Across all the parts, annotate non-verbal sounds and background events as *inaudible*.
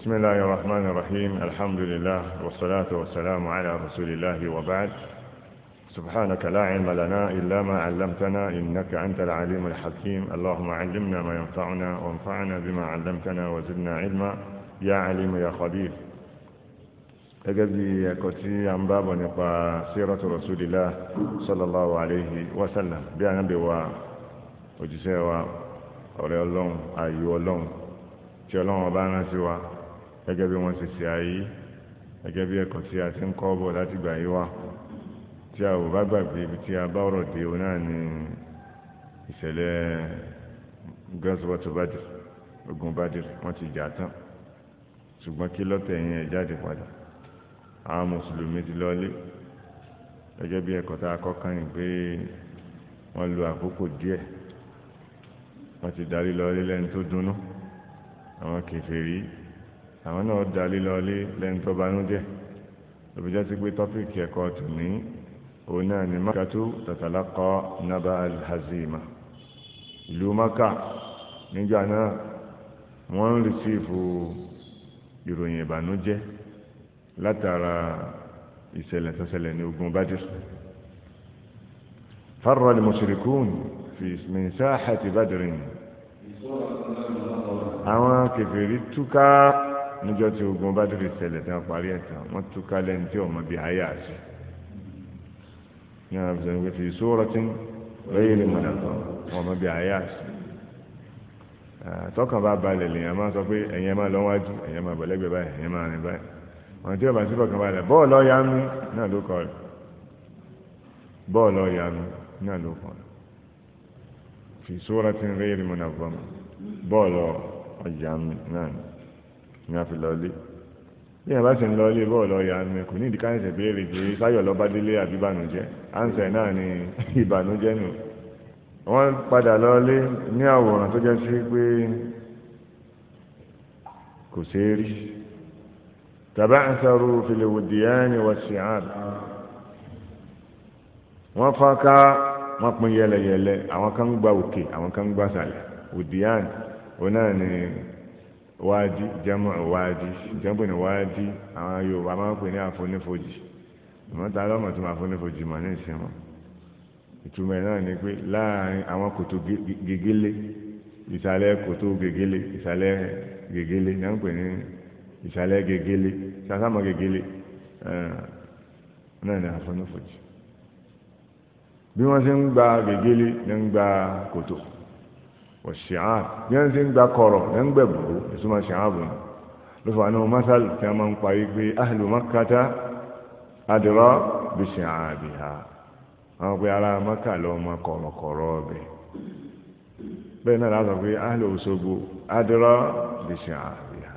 بسم الله الرحمن الرحيم الحمد لله والصلاة والسلام على رسول الله وبعد سبحانك لا علم لنا إلا ما علمتنا إنك أنت العليم الحكيم اللهم علمنا ما ينفعنا وانفعنا بما علمتنا وزدنا علما يا عليم يا خبير gẹ́gẹ́ يا ẹ̀kọ́ عن باب ń bábọ̀ nípa الله rasulillah sallallahu alayhi wa sallam bí a nábẹ̀ wa òjíṣẹ́ wa ọ̀rẹ́ ọlọ́run gẹ́gẹ́ bí wọ́n ṣe ṣe ayé gẹ́gẹ́ bí ẹ̀kọ́ tí a ti ń kọ́ bọ̀ láti gbà yí wá tí a ò bá gbàgbé ibi tí a bá ọ̀rọ̀ dé náà ni ìṣẹ̀lẹ̀ gọ́sọ̀bọ̀tò bàdìr ogun bàdìr wọ́n ti jà tán ṣùgbọ́n kí lọ́tẹ̀ yẹn ẹ̀ jáde padà àwọn mùsùlùmí ti lọ́lé gẹ́gẹ́ bí ẹ̀kọ́ tá a kọ́ kàn àwọn náà da lílọlé lẹ́yìn tó banújẹ́ lóbìjá sí pé tọ́pìkì ẹ̀kọ́ tòní òun náà ni makatu tatalakọ naba alhazima ìlú maka nígbà náà wọ́n ń rìsífù ìròyìn ìbànújẹ́ látara ìṣẹ̀lẹ̀ tọ́ṣẹlẹ̀ ní ogun Badr farra al-mushrikun fi min sahati Badrin àwọn kèfèrí túká níjọ́ tí ogun bá dúró ṣẹlẹ̀ tí wọ́n parí ẹ̀tàn wọ́n tú kálẹ̀ ní tí ọmọ bíi ayé àṣẹ. ní àwọn àbùsọ̀ nígbà tí ìṣòro ti ń lóye lè mọ̀nà tán ọmọ bíi ayé àṣẹ. tọkàn bá balẹ̀ lèèyàn máa sọ pé ẹ̀yẹn máa lọ́wájú ẹ̀yẹn máa bọ̀lẹ́gbẹ̀ báyìí ẹ̀yẹn máa rìn báyìí. síbọ̀ kan balẹ̀ bọ́ọ̀lù ọ̀yà mi náà ló kọ bọ́ọ̀lù ọ̀yà mi náà ló fi ní a fi lọ lé bí yẹn bá sì ń lọ lé bọ́ọ̀lù ọ̀yà ni kò ní ìdíkà ẹsẹ̀ béèrè pé sáyọ̀ lọ́ba délé àbí ìbànújẹ́ ánsẹ̀ náà ni *laughs* ìbànújẹ́ nù wọ́n padà lọ lé ní àwòrán tó jẹ́ sí pé kò ṣeé rí tàbá ń sọrọ fìlèwòdìyàn wọ́n ṣe àrùn wọ́n fọ́nká wọ́n pín yẹlẹyẹlẹ àwọn kan ń gba òkè àwọn kan ń gba òdìyàn òun náà ni wáájí jẹ́mọ̀ wáájí jẹ́mọ̀ ni wáájí àwọn Yorùbá máa ń pè ní àfonífojì ìmọ̀ ta lọ́mọ̀ tó máa fonífojì mọ̀ ní ìsinmi ìtumọ̀ ẹ̀ náà ni pé láàárín àwọn kòtò gègélé ìsàlẹ̀ kòtò gègélé ìsàlẹ̀ gègélé náà ń pè ní ìsàlẹ̀ gègélé sàsámọ̀ gègélé eh, náà ni àfonífojì bí wọ́n ṣe ń gba gègélé ní ń gba kòtò. wọ ṣìáàbù bí wọ́n ṣe ń gba kọ̀rọ̀ ní ń gbẹ̀bù ìtumọ̀ ṣìáàbù ni ló fà nínú mọ́sálù tí a máa ń parí pé ahlu makkata adra bí ṣìáàbìhà àwọn pé ará mọ́kà lọ ọmọ kọ̀rọ̀kọ̀rọ̀ ọbẹ̀ bẹ́ẹ̀ náà láti sọ pé ahlu Òṣogbo adra bí ṣìáàbìhà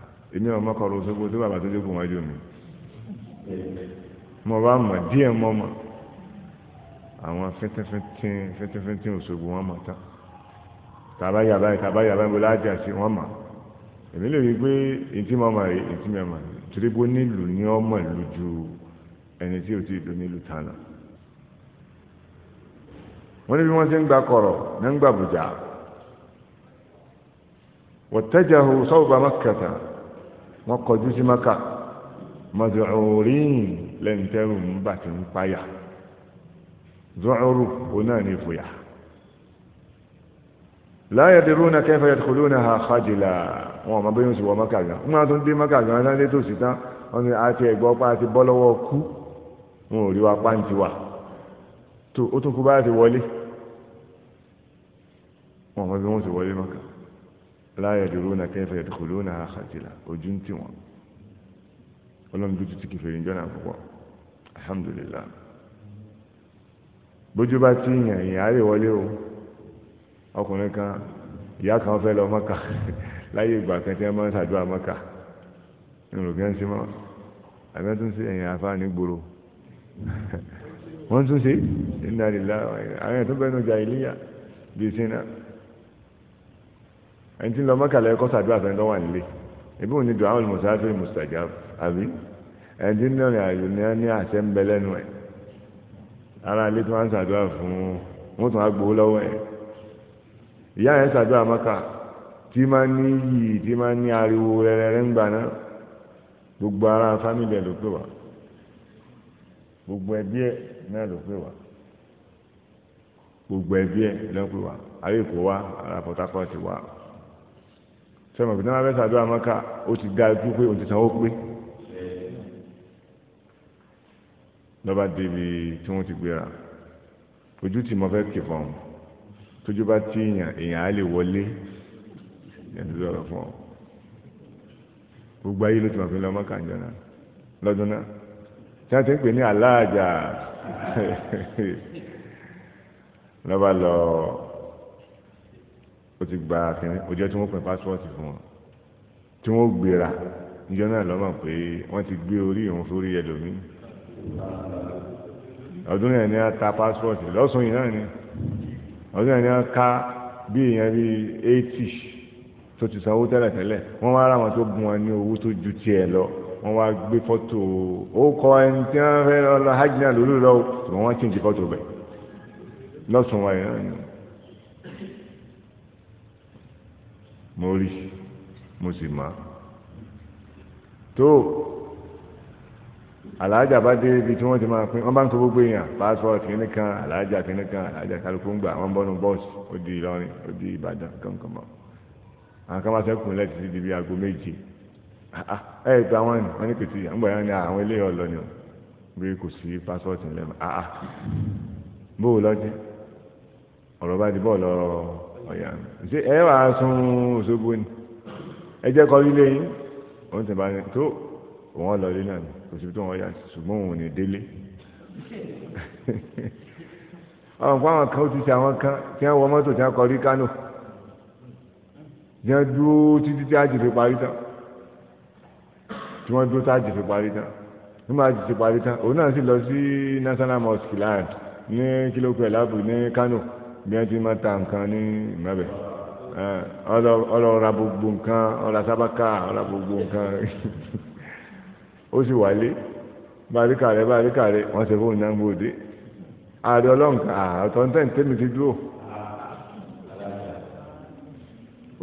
mi tàbá yà báyìí tàbá yà báyìí bọ́lá àjà sí wọ́n mà èmi lè rí i pé ètí mọ́ mà rí ètí mi mà rí torí bó nílùú ní ọmọ ìlú ju ẹni tí ò ti lò nílùú tánà wọ́n ní bí wọ́n ti ń gba kọ̀rọ̀ ní ń gba bùjà wọ́tẹ́jàhù sọ́ọ̀bà mákàtà wọ́n kọjú sí mákà mọ̀zọ̀rìn lẹ́ńtẹ́rù ń bàtí ń payà zọ́ọ̀rù òun náà ní ìfòyà láyé dèrò náà kẹfà yẹ kúló náà ha xajìlá wọn ọmọ bẹyìn oṣù wọ maka gan wọn àti dé maka gan náà lé tòsí tán wọn ni àti ẹgbọ pa àti bọ́ lọ́wọ́ kú wọn ò rí wa pàǹtí wa tó ó tún kú báyà ti wọlé wọn ọmọ bẹyìn oṣù wọlé maka láyé dèrò náà kẹfà ojú ń tì wọn ọlọ́run ti kìfèrè ìjọ náà púpọ̀ alhamdulilah bójú bá ti yàn ìyàn á lè wọlé o ọkùnrin kan ìyá kan fẹ́ lọ mọ́kà *laughs* láyé ìgbà kan tí wọ́n máa ń ṣàdúrà mọ́kà ìrògbé ń ṣe mọ́ àbí wọ́n tún ṣe ẹ̀yìn afá ní gbòòrò *laughs* wọ́n tún ṣe iná lílá àwọn èèyàn tó bẹ́ẹ̀ nu jàhílíyà bíi sínú ẹni tí ń lọ mọ́kà lẹ́kọ́ ṣàdúrà fẹ́ lọ́wọ́ nílé ebi òní dùn àwọn mùsàáfẹ́ mustajab àbí ẹni tí ń lọ rìn ní á àṣẹ ń bẹ lẹ́nu ẹ̀ ara ilé tí wọ́n ń ṣàdúrà fún wọn tún á gbowó lọ́wọ́ ẹ̀ ìyá yẹn ṣàdúrà mọ́kà tí máa ní yìí tí máa ní ariwo rẹ̀rẹ̀rẹ̀ ń gbà náà gbogbo ara fámìlì ẹ̀ ló pè wá gbogbo ẹbí ẹ̀ náà ló pè wá gbogbo ẹbí ẹ̀ ló pè wá ayé kò wá ara Port Harcourt wá sọmọ pé náà fẹ́ ṣàdúrà mọ́kà ó ti ga ikú pé òun ti sanwó pé lọ́ba débi tí wọ́n ti gbéra ojú tí mo fẹ́ kì fún tójú bá tí èèyàn èèyàn á lè wọlé èèyàn ti sọ̀rọ̀ fún ọ gbogbo ayé ló ti mọ̀ pé lọ́mọ kànjọ náà lọ́dún náà tí wọ́n ti ń pè ní aláàjà *laughs* lọ́ba lọ ó ti gba kínní ọjọ́ tí wọ́n pè pásítọ̀tì fún wọn tí wọ́n gbéra níjọ́ náà lọ́mọ pé wọ́n ti gbé orí ìhun sórí ẹlòmíì ọdún náà ni a ta pásítọ̀tì lọ́sùn yìí náà ni ọdún náà ni wọ́n ká bí èèyàn bí eighty tó ti sanwó tẹ́lẹ̀tẹ́lẹ̀ wọ́n wá ara wọn tó bùn wọn ní owó tó ju tiẹ̀ lọ wọ́n wá gbé fọ́tò ó kọ ẹni tí wọ́n fẹ́ lọ hajj náà lórí tó wọ́n ti ń di fọ́tò bẹ̀ lọ́sùn wa yẹn ni mo rí mo sì máa tó aláàjà bá dé ibi tí wọ́n ti máa pín wọ́n bá ń kó gbogbo èèyàn pásítọ̀tì kìíní kan aláàjà kìíní kan aláàjà kálukú ń gbà wọ́n bọ́nu bọ́ọ̀sì ó di Ìlọrin ó di Ìbàdàn kankan mọ́ àwọn kan máa sẹ́kùn lẹ́tì sí di bí aago méje ẹ ah, ah, ẹ gba wọn ni wọn ní kìtì ah, àwọn bọ̀yá ni àwọn ilé ọlọ ni o bí kò sí pásítọ̀tì ńlẹ̀ mọ́ àá bó o lọ́jẹ́ ọ̀rọ̀ bá di bọ́ọ̀lù ọ̀yà ṣé ẹ wàá sun Òṣogbo ni kò síbi tó wọ́n yà sí ṣùgbọ́n òun ní délé ọ̀rùn fún àwọn kan ó ti ṣe àwọn kan tí wọ́n wọ mọ́tò tí wọ́n kọrí Kánò tí wọ́n dúró títí tí àjèfé parí tán tí wọ́n dúró tí àjèfé parí tán nígbà àjèfé parí tán òun náà sì lọ sí national mosque land ní kílókù ẹ̀ lábù ní Kánò bí wọ́n ti máa ta nǹkan ní ìmọ̀bẹ̀ ọlọ́ọ̀ra gbogbo nǹkan ọ̀ra sábàkà ọ̀ra gbogbo nǹkan. *laughs* ó sì wálé báríkà rẹ báríkà rẹ wọ́n ṣe fóun náà gbòde ààrẹ ọlọ́nkà àtọ̀ ah, ń tẹ̀ǹtẹ̀mí ti dúró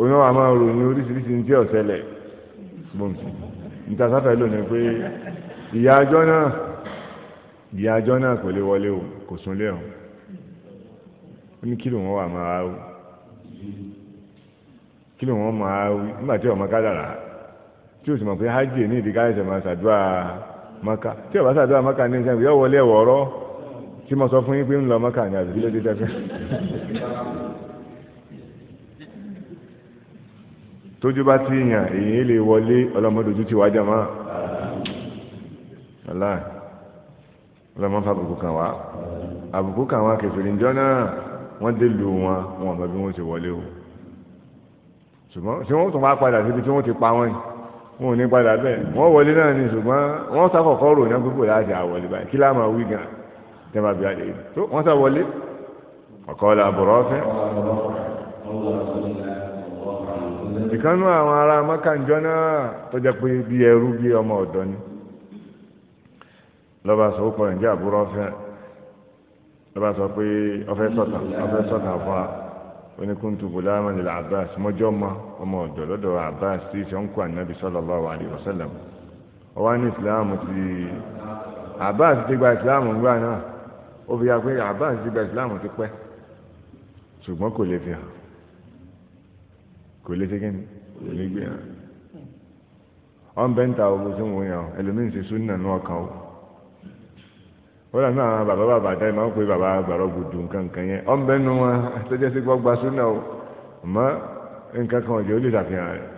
oní wa máa ròyìn oríṣiríṣi ní tí ọ̀sẹ̀lẹ̀ gbòǹsì ntasáfẹ́ lónìí pé ìyá ajọ́ náà ìyá ajọ́ náà kò lè wọlé o kò súnlé o ó ní kílò wọn wà máa wí kílò wọn máa wí nígbà tí ọmọ kádàrà tí o sì mọ̀ pé hajj ní ìdíkà ẹ̀sẹ̀ máa ṣàdúrà maka tí o bá ṣàdúrà maka ní ìṣẹ́ yóò wọlé ẹ̀wọ̀ ọ̀rọ̀ tí mo sọ fún yín pé ń lọ maka ní àbí lóde tẹ́fẹ́. tójú bá ti yàn èyí lè wọlé ọlọ́mọdójú ti wájà máa aláì ọlọ́mọ fa àbùkù kan wá àbùkù kan wá kẹfìrì ńjọ náà wọ́n dé lu wọn wọn àbẹ̀bí wọn ti wọlé o ṣùgbọ́n tí wọ́n tún wá padà síbi tí wọ́n ti pa wọ́n yìí wọn ò ní padà bẹ́ẹ̀ wọ́n wọlé náà ní ṣùgbọ́n wọ́n sákọ̀kọ́ rò ní pípò láti àwọlé báyìí kí láàmà wí gan tẹ́lá bí adé tó wọ́n sá wọlé ọ̀kọ́ la bọ̀rọ̀ fẹ́. ìkànnú àwọn ará mọ́kànjọ́ náà tó jẹ́ pé bí ẹrú bí ọmọ ọ̀dọ́ ni lọ́ba sọ ó kọrin jẹ́ àbúrò ọ̀fẹ́ lọ́ba sọ pé ọ̀fẹ́ sọ̀tàn ọ̀fẹ́ sọ̀tàn fún ọmọ ọ̀dọ̀ lọ́dọ̀ Abbas tí ìṣẹ́ ń kó ànábì sallallahu alaihi wasallam ó wá ní ìsìláàmù ti Abbas ti gba ìsìláàmù ńgbà náà ó fi ya pé Abbas ti gba ìsìláàmù ti pẹ́ ṣùgbọ́n kò lè fi hàn kò lè tẹ́kẹ́ ní kò lè gbé hàn ọ̀n bẹ́ẹ̀ ń ta owó tí wọ́n yàn ẹlòmíín ṣe súnà ní ọkàn o wọ́n lànà àwọn bàbá bàbá dá ìmọ̀ pé bàbá bàrọ̀ gbùdù nǹkan nǹkan yẹn ọ̀n bẹ́ẹ̀ nu wọn tó jẹ́ súnà o mọ́ nǹkan kan ọ̀jẹ̀ ó lè ṣàfihàn rẹ̀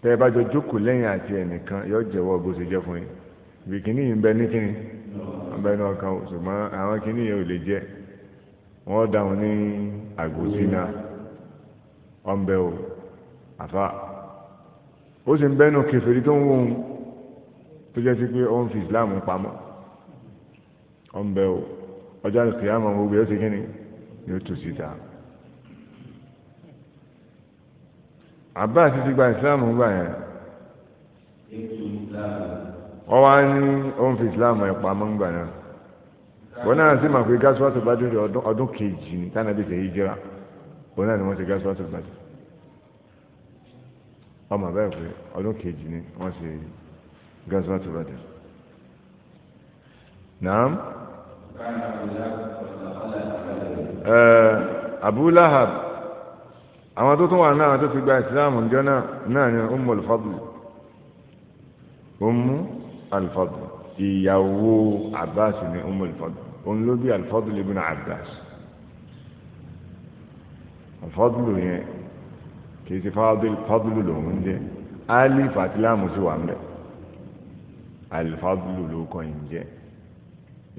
tẹ́ ẹ bá jọ jókòó lẹ́yìn àti ẹnìkan yóò jẹ́wọ́ bó ṣe jẹ́ fún yín ibi kìíní yìí ń bẹ ní kíni ń bẹ ní ọkàn ṣùgbọ́n àwọn kìíní yìí ò lè jẹ́ wọ́n dáhùn ní àgòsínà ọ̀nbẹ o àfa ó sì ń bẹ́nu kẹfìrí tó ń wò ó tó jẹ́ sí pé ó fi Islam pamọ́ ọ̀nbẹ o ọjọ́ àlùkìyàmọ̀ gbogbo ẹ̀ ó ṣe kíni ni tù síta. Abbas ti gba ìsìláàmù gbà yẹn wá ní òun fi ń gbà yẹn náà sì gásíwáṣọ gbájú ọdún kejì ní tánàbí ṣe náà ni gásíwáṣọ gbájú ọmọ ọdún kejì ní ṣe gásíwáṣọ gbájú. naam Abu Lahab. àwọn tó tún wà náà tó fi gba ìsìláàmù ìjọ náà náà ni ọmọ alifadùn ọmọ alifadùn ìyàwó abbas ni ọmọ alifadùn òun ló bí alifadùn ibn abbas alifadùn yẹn kì í ti fadùn lòun jẹ alif àti láàmù sí wà mẹ alifadùn ló kọ́ ń jẹ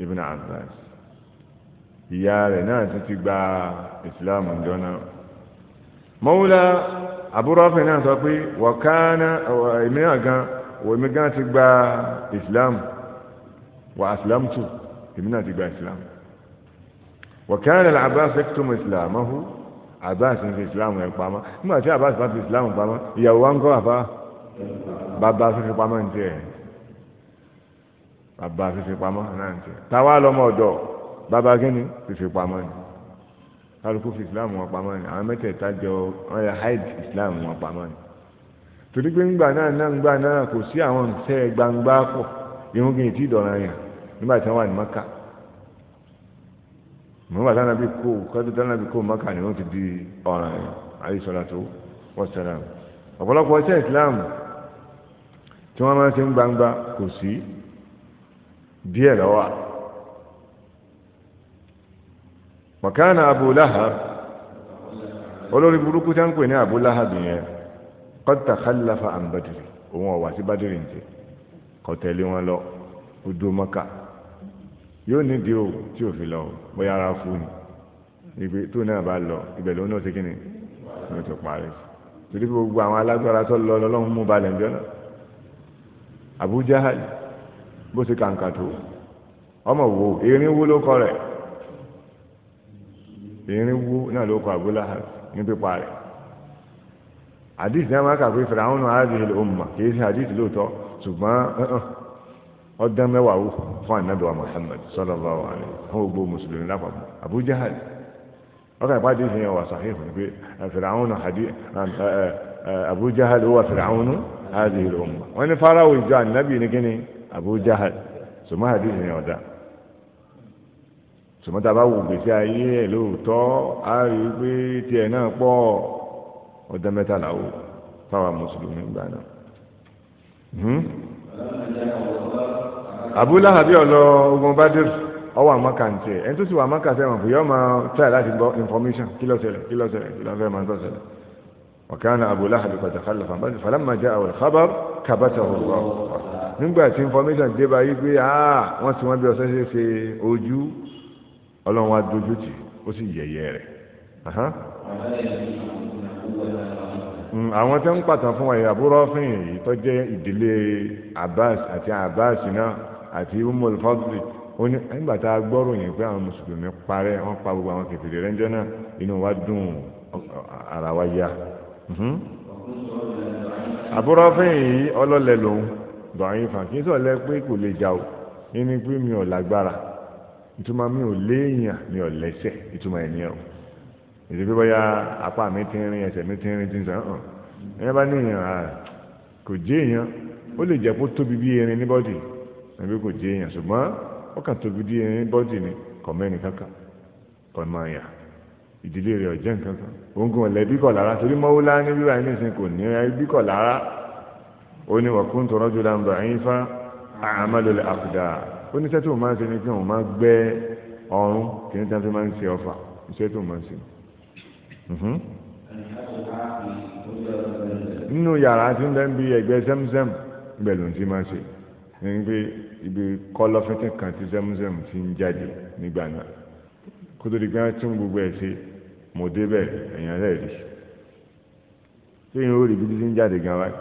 ibn abbas ìyá rẹ̀ náà ti ti gba ìsìláàmù ìjọ náà mọ́wúlá àbúrọ́fẹ́ náà sọ pé wọ̀kánà ìmíràn gan wọ̀mí gan ti gba islam wà islam tù èmi náà ti gba islam wọ̀kánà làbá sẹ́kítọ́mù islam ọ̀hún abbas ń fi islam ẹ̀ pamọ́ nígbà tí abbas bá fi islam pamọ́ ìyàwó wa ń kọ́ àbá bàbá fífi pamọ́ ní tiẹ̀ bàbá fífi pamọ́ náà ní tiẹ̀ táwa lọ́mọ ọ̀dọ̀ bàbá kínní fífi pamọ́ ní kálukú fi islam wọn pamọ́ ni àwọn mẹ́tẹ̀ẹ̀ta jọ wọ́n yà hide islam wọn pamọ́ ni torí pé ńgbà náà náà ńgbà náà kò sí àwọn iṣẹ́ gbangba pọ̀ irun kì í ti dọ̀ràn yàn nígbà tí wọ́n wà ní maka mọ̀nbà táwọn bí kó kọ́tù táwọn bí kó maka ni wọ́n ti di ọ̀ràn yàn alayhi salatu wassalam ọ̀pọ̀lọpọ̀ iṣẹ́ islam tí wọ́n máa ń ṣe ń gbangba kò sí díẹ̀ lọ́wọ́ wàkánà Abu Lahab olórí burúkú tá ń pè ní Abu Lahab yẹn kọ́tà kálífà àǹbẹ̀dìrì òun ọ̀wà sí bádìrì ń tẹ kọ̀tẹ́lé wọn lọ odò mọ́kà yóò nídìí o tí ò fi lọ bóyá ara fún ni ìgbé tó náà bá lọ ibẹ̀ ló náà ṣe kí ni ló ti parí torí pé gbogbo àwọn alágbára tó lọ lọ́lọ́run mú balẹ̀ ń jọ́nà Abu bó ṣe kàǹkà tó ọmọ wo erin wo ló kọ rẹ̀ irínwó náà ló kọ abúláhà ní pípa rẹ̀ hadith náà máa kàwé fìràhónú àádìí ló mà kì í ṣe hadith lóòótọ́ ṣùgbọ́n ọdún uh-uh, mẹ́wàá wò fún wa Muhammad sallallahu alaihi wa fún gbogbo mùsùlùmí Abu Jahal ọkàn ìpàdé ìfihàn wà sàhíhù ní pé fìràhónú Abu Jahal ó wà uh, uh, uh, fáráwò ìjọ ní kíni Abu Jahal ṣùgbọ́n hadith sùmọ́tà bá wò gbèsè ayé ẹ̀ lóòótọ́ á rí i pé tiẹ̀ náà pọ̀ ọdún mẹ́tàlá o fáwọn mùsùlùmí gbà náà. Hmm? Abu Lahab ọlọ ogun Badr ọwọ àmọkàntì ẹ ẹni tó sì wà àmọkàntì ẹ mọ fún máa try láti gbọ́ information kí ló ṣẹlẹ̀ kí ló ṣẹlẹ̀ kí ló fẹ́ máa tọ́ ṣẹlẹ̀ ọ̀kan Abu Lahab qad takhallafa bá falamma ja'ahu al-khabar kabatahu nígbà tí information dé báyìí pé ah, wọ́n ti wọ́n bí ọ̀sẹ̀ ọlọ́run wá dojú tì ó sì yẹ̀yẹ́ rẹ̀ hmm, àwọn tó ń pàtàn fún wa yìí àbúrò fún yìí tó jẹ́ ìdílé Abbas àti Abbas náà àti Ummul Fadli ó ní nígbà tá a gbọ́rò yẹn pé àwọn mùsùlùmí parẹ́ wọ́n pa gbogbo àwọn kẹfìrì rẹ́ńjọ́ náà inú wa dùn ara wa yá. àbúrò hmm. fún yìí ọlọ́lẹ̀ lòun dọ̀yìn fàn kí pé kò lè jà o ní pé mi ò lágbára ìtumọ̀ mi ò léèyàn mi ò lẹ́sẹ̀ ìtumọ̀ ẹ̀ nìyẹn o èdè pé bóyá apá mi ti ń rin ẹsẹ̀ mi ti ń rin ti ń sàn hàn ẹ̀yẹ́ bá ní èèyàn kò jẹ́ èèyàn ó lè jẹ́ kó tóbi bí erin ní bọ́dì ẹ̀bí kò jẹ́ èèyàn ṣùgbọ́n ó kàn tóbi bí erin ní bọ́dì ni kọ̀ mẹ́rin kankan kọ̀ máa yà ìdílé rẹ̀ ọ̀jẹ́ nǹkan kan oògùn ọ̀lẹ́ bíkọ̀ lára torí mọ́wó lá ní wíwá ẹni sìn kò ní bíkọ̀ lára ó ní wọ̀kúntòrọ́jù làǹbà ẹ̀yìn fá àmàlò àkùdà oníṣẹ́ tó máa ń ṣe ni kí wọ́n máa gbẹ́ ọrùn kí ní tàbí máa ń ṣe ọfà iṣẹ́ tó máa ń ṣe. Mhm. nínú yàrá tí ń bẹ́ ń bi ẹgbẹ́ zemzem ibẹ̀ ló ń ti máa ṣe ní pé ibi kọ́lọ́fẹ́tì kan tí zemzem ti ń jáde nígbà náà kó tó di pé wọ́n tún gbogbo ẹ̀ ṣe mo débẹ̀ ẹ̀yìn alẹ́ rí sẹ́yìn ó rí ibi títí ń jáde gan wáyé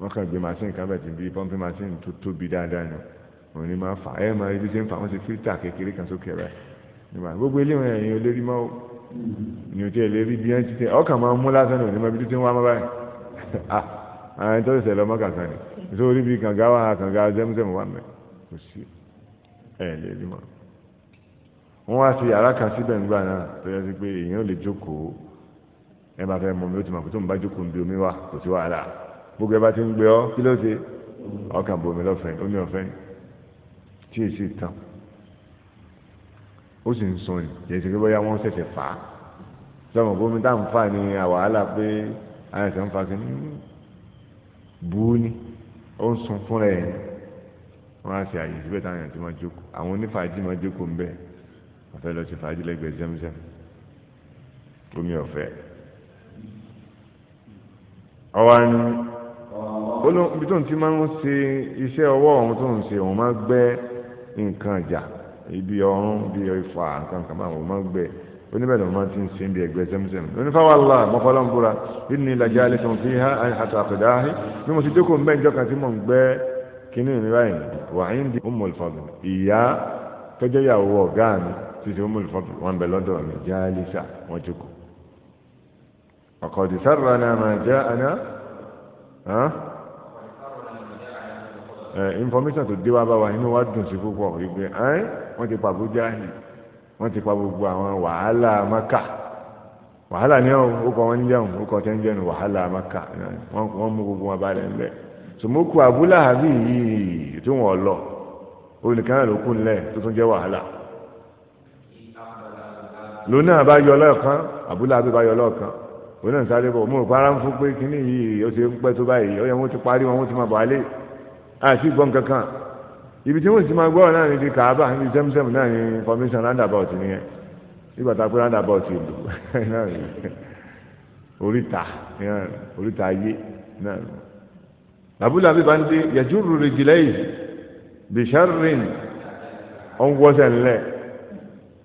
wọ́n kàn gbé màsín kan bẹ̀ tí bí pọ́ńpì màsín tó tóbi dáadáa náà òun ni máa fà ẹ máa ibi tí ń fà wọ́n ti fílítà kékeré kan sókè rẹ̀ nígbà gbogbo eléwọ̀n ẹ̀yìn olérí mọ́ ní òtí ẹ̀lérí bí ẹn ti tẹ ọkàn máa mú lásán ní onímọ̀ ibi tí ń wá máa báyìí *laughs* ah, àwọn ẹni tó ṣẹlẹ̀ lọ́mọ kàkan ni nítorí bí kànga wà kànga zẹ́mùsẹ́mù wà mẹ́ kò sí ẹ̀lérí mọ́ wọ́n wá sí yàrá kan síbẹ̀ ńgbà náà tó yẹ sí pé èèyàn ò lè jókòó ẹ bá fẹ́ mọ mi ó ti mọ̀ pé tó ń bá jókòó ń bi omi wà kò sí wàhálà gbogbo ẹ bá ti ń gbé ọ kí ló ṣe ọkàn bomi lọ́fẹ̀ẹ́ ó ní ọ̀fẹ́ ni tí èyí sì tán ó sì ń sun ni kì pé bóyá wọ́n ṣẹ̀ṣẹ̀ fà á sọmọ bómi tá à ń fà ní àwàhálà pé àyẹ̀sẹ̀ ń fa kí ní bú ni ó ń sun fúnra ẹ̀ wọ́n á ṣe àyè síbẹ̀ táwọn èèyàn ti máa jókòó àwọn onífàájì máa jókòó ń bẹ̀ wọ́n lọ ṣe fàájì lẹ́gbẹ̀ẹ́ zẹ́mzẹ́m omi ọ̀fẹ́ ọwọ́ ni ibi tó ń ti máa ń ṣe iṣẹ́ ọwọ́ ọ̀hún tó ń ṣe òun máa gbẹ́ nǹkan ìjà ibi ọrùn bí ìfà nǹkan kan báwọn ọmọ gbẹ oníbẹ̀rẹ̀ ọmọ ti ń sin bí ẹgbẹ́ sẹ́mùsẹ́mù onífàwà lọ mọ́fọ́lọ́n búra nínú ìlàjà alẹ́ sọ̀rọ̀ fi há àti àpẹ̀dá ahí bí mo ti dókòó mbẹ́ ìjọ kan tí mò ń gbẹ́ kínní ìrìn báyìí wà á ń di Ummul ìyá tọ́jọ́ ìyàwó ọ̀gá mi ti ti Ummul wọn bẹ lọ́dọ̀ mi já alisa wọn jókòó ọ̀kọ̀dì náà máa já aná information tó dé wá bá wa inú wa dùn sí púpọ̀ wípé ẹ́n wọ́n ti pa Abuja yìí wọ́n ti pa gbogbo àwọn wàhálà maka wàhálà ní ọ̀hún ó kọ́ wọn ń jẹun ó kọ́ tẹ́ ń jẹun wàhálà maka wọ́n mú gbogbo wọn balẹ̀ ńlẹ̀ sòmókù abúlé àbí yìí tó wọ́n lọ olùkọ́ náà ló kù ńlẹ̀ tó tún jẹ́ wàhálà lónà bá yọ lọ́ọ̀kan abúlé àbí bá yọ lọ́ọ̀kan lónà sáré bọ̀ mo rò pé ara ń fún pé kínní yìí ó ti ń pẹ́ tó báyìí ó yẹ wọ́n ti parí wọn wọ́n ti máa bọ̀ alẹ́ àti gbọ́n kankan ibi tí wọ́n sì máa gbọ́ náà ní ti kàábà ní sẹ́mùsẹ́mù náà ní information roundabout nìyẹn nígbà tá a pé roundabout ìlú *laughs* náà ní oríta oríta ayé náà ní. àbúlé àbíbá ń dé yàtúrú rìjìlẹ̀ yìí bisharrin ọ̀nwọ́sẹ̀ ńlẹ̀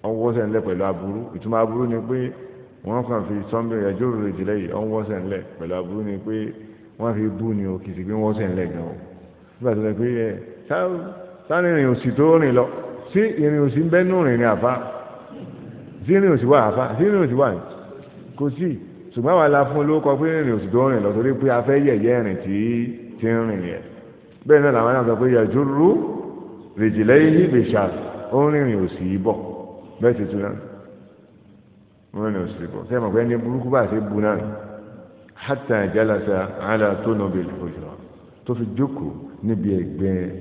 ọ̀nwọ́sẹ̀ ńlẹ̀ pẹ̀lú aburú ìtumọ̀ aburú ni pé wọ́n kàn fi sọ́mbì yàtúrú rìjìlẹ̀ yìí ọ̀nwọ́sẹ̀ ńlẹ̀ pẹ̀lú aburú ni pé wọ́n fi bú ni o kìsì pé wọ́n ńlẹ̀ gan-an nígbà tó lè pé ẹ sáré ìrìn òsì tó rìn lọ sí ìrìn òsì ń bẹ́nu rìn ní àfa sí ìrìn òsì wà àfa sí ìrìn òsì wà kò sí ṣùgbọ́n àwọn aláfún ló kọ pé ìrìn òsì tó rìn lọ torí pé afẹ́ yẹ̀yẹ́ rìn tí ti ń rìn yẹn bẹ́ẹ̀ náà làwọn náà sọ pé yẹ̀jú rú rèjìlẹ́ yìí lè ṣà ó tu náà ó ń rìnrìn òsì yìí bọ̀ sẹ́yìn mọ̀ pé ẹni burúkú bá ṣe bu náà hátà ìjálàṣà àlà tó nà níbi ẹgbẹ́